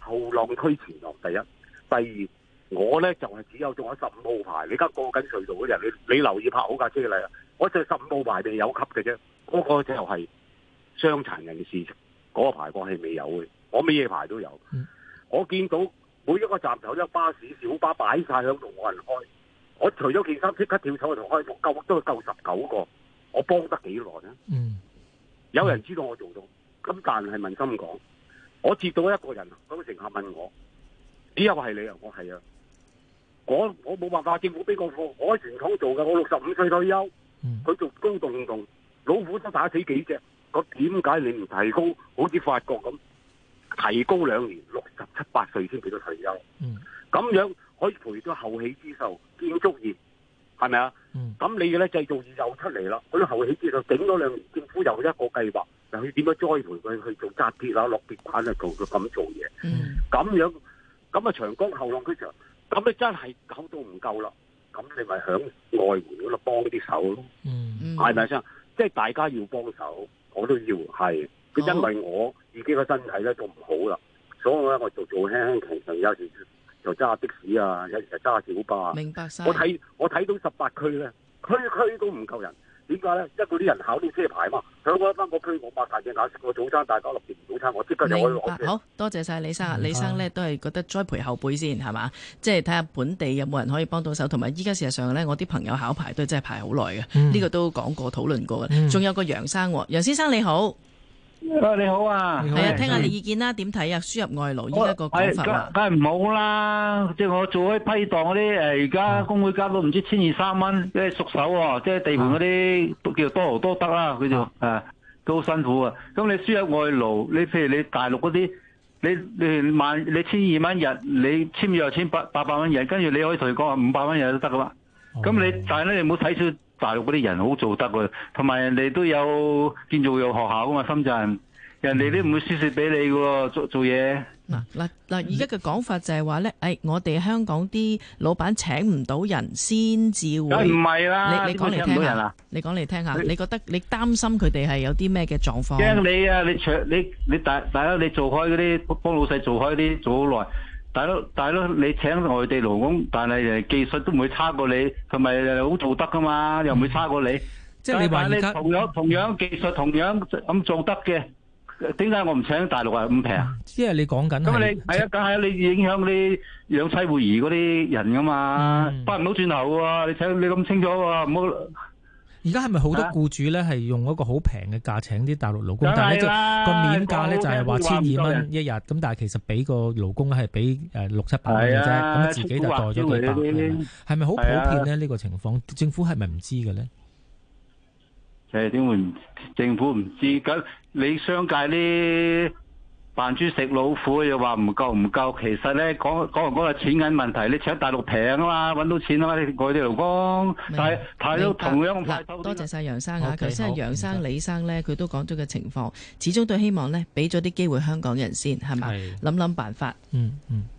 後浪推前浪。第一、第二，我呢就係只有做緊十五號牌。你而家過緊隧道嘅人，你你留意拍好架車嚟啊！我就十五號牌定有級嘅啫。嗰個就係傷殘人嘅事情，嗰、那個排我係未有嘅，我乜嘢排都有。嗯、我見到每一個站頭有一巴士、小巴擺晒響度，冇人開。我除咗件衫，即刻跳手去同開，夠都夠十九個，我幫得幾耐咧？嗯，有人知道我做到，咁但係問心講，我接到一個人，嗰個乘客問我，只有係你啊，我係啊，我我冇辦法，政府俾個貨，我喺船廠做嘅，我六十五歲退休，佢做高度運動。老虎都打死幾隻，咁點解你唔提高？好似法國咁，提高兩年六十七八歲先俾到退休，咁、嗯、樣可以培到後起之秀建築業，係咪啊？咁、嗯、你咧製造業又出嚟啦，嗰啲後起之秀整咗兩年，政府又一個計劃，又去點樣栽培佢去做紮鐵啦，落鐵板啊，做到咁做嘢。咁、嗯、樣咁啊，樣長江後浪推長，咁你真係搞到唔夠啦。咁你咪響外援嗰度幫啲手咯，係咪先？嗯即係大家要幫手，我都要係。佢，因為我自己個身體咧都唔好啦，所以咧我做做輕輕，其實有時就揸的士啊，有時就揸小巴。明白晒。我睇我睇到十八區咧，區區都唔夠人。點解咧？因為啲人考啲車牌嘛，佢我翻我區，我擘大隻眼食個早餐，大家落完早餐我，我即刻就可以攞。好多謝晒李生。明白。李生咧都係覺得栽培後輩先係嘛，即係睇下本地有冇人可以幫到手，同埋依家事實上咧，我啲朋友考牌都真係排好耐嘅。呢、嗯、個都講過討論過嘅。仲、嗯、有個楊生，楊先生你好。啊，你好啊，係好聽下你意見啦，點睇啊？輸入外勞依家個講法啊，梗係唔好啦。即係我做開批檔嗰啲誒，而家工資加到唔知千二三蚊，即係熟手喎，即係地盤嗰啲都叫多勞多得啦。佢就誒都好辛苦啊。咁你輸入外勞，你譬如你大陸嗰啲，你你萬你千二蚊日，你簽約千八八百蚊日，跟住你可以同佢講五百蚊日都得噶啦。咁 Okay. 你但係咧，你冇睇少。大陸嗰啲人好做得㗎，同埋人哋都有建造有學校㗎嘛。深圳人哋都唔會輸蝕俾你㗎喎，做做嘢。嗱嗱嗱，而家嘅講法就係話咧，誒，我哋香港啲老闆請唔到人先至會。誒，唔係啦，你你講嚟聽啦，你講嚟聽下，你覺得你擔心佢哋係有啲咩嘅狀況？驚你啊！你長你你大大家你做開嗰啲幫老細做開啲做好耐。大佬，大佬，你請外地勞工，但係誒技術都唔會差過你，佢咪好做得噶嘛，又唔會差過你。即係你話，你同有同樣技術、同樣咁做得嘅，點解我唔請大陸啊？咁平？即係你講緊。咁你係啊，梗係你影響你養妻活兒嗰啲人噶嘛，翻唔到轉頭喎！你請你咁清楚喎，唔好。而家係咪好多僱主咧，係用一個好平嘅價請啲大陸勞工？但係咧就個面價咧就係話千二蚊一日，咁但係其實俾個勞工係俾誒六七百嘅啫，咁的自己就袋咗幾百嘅。係咪好普遍咧？呢個情況政府係咪唔知嘅咧？誒，點會政府唔知道？咁你商界呢？扮豬食老虎又話唔夠唔夠，其實咧講講嚟講係錢銀問題，你請大陸平啊嘛，揾到錢啊嘛，外地勞工。是但係，但同樣派多謝晒楊生啊，頭先阿楊生、李生咧，佢都講咗嘅情況，始終都希望咧，俾咗啲機會香港人先，係咪？諗諗是辦法。嗯嗯。嗯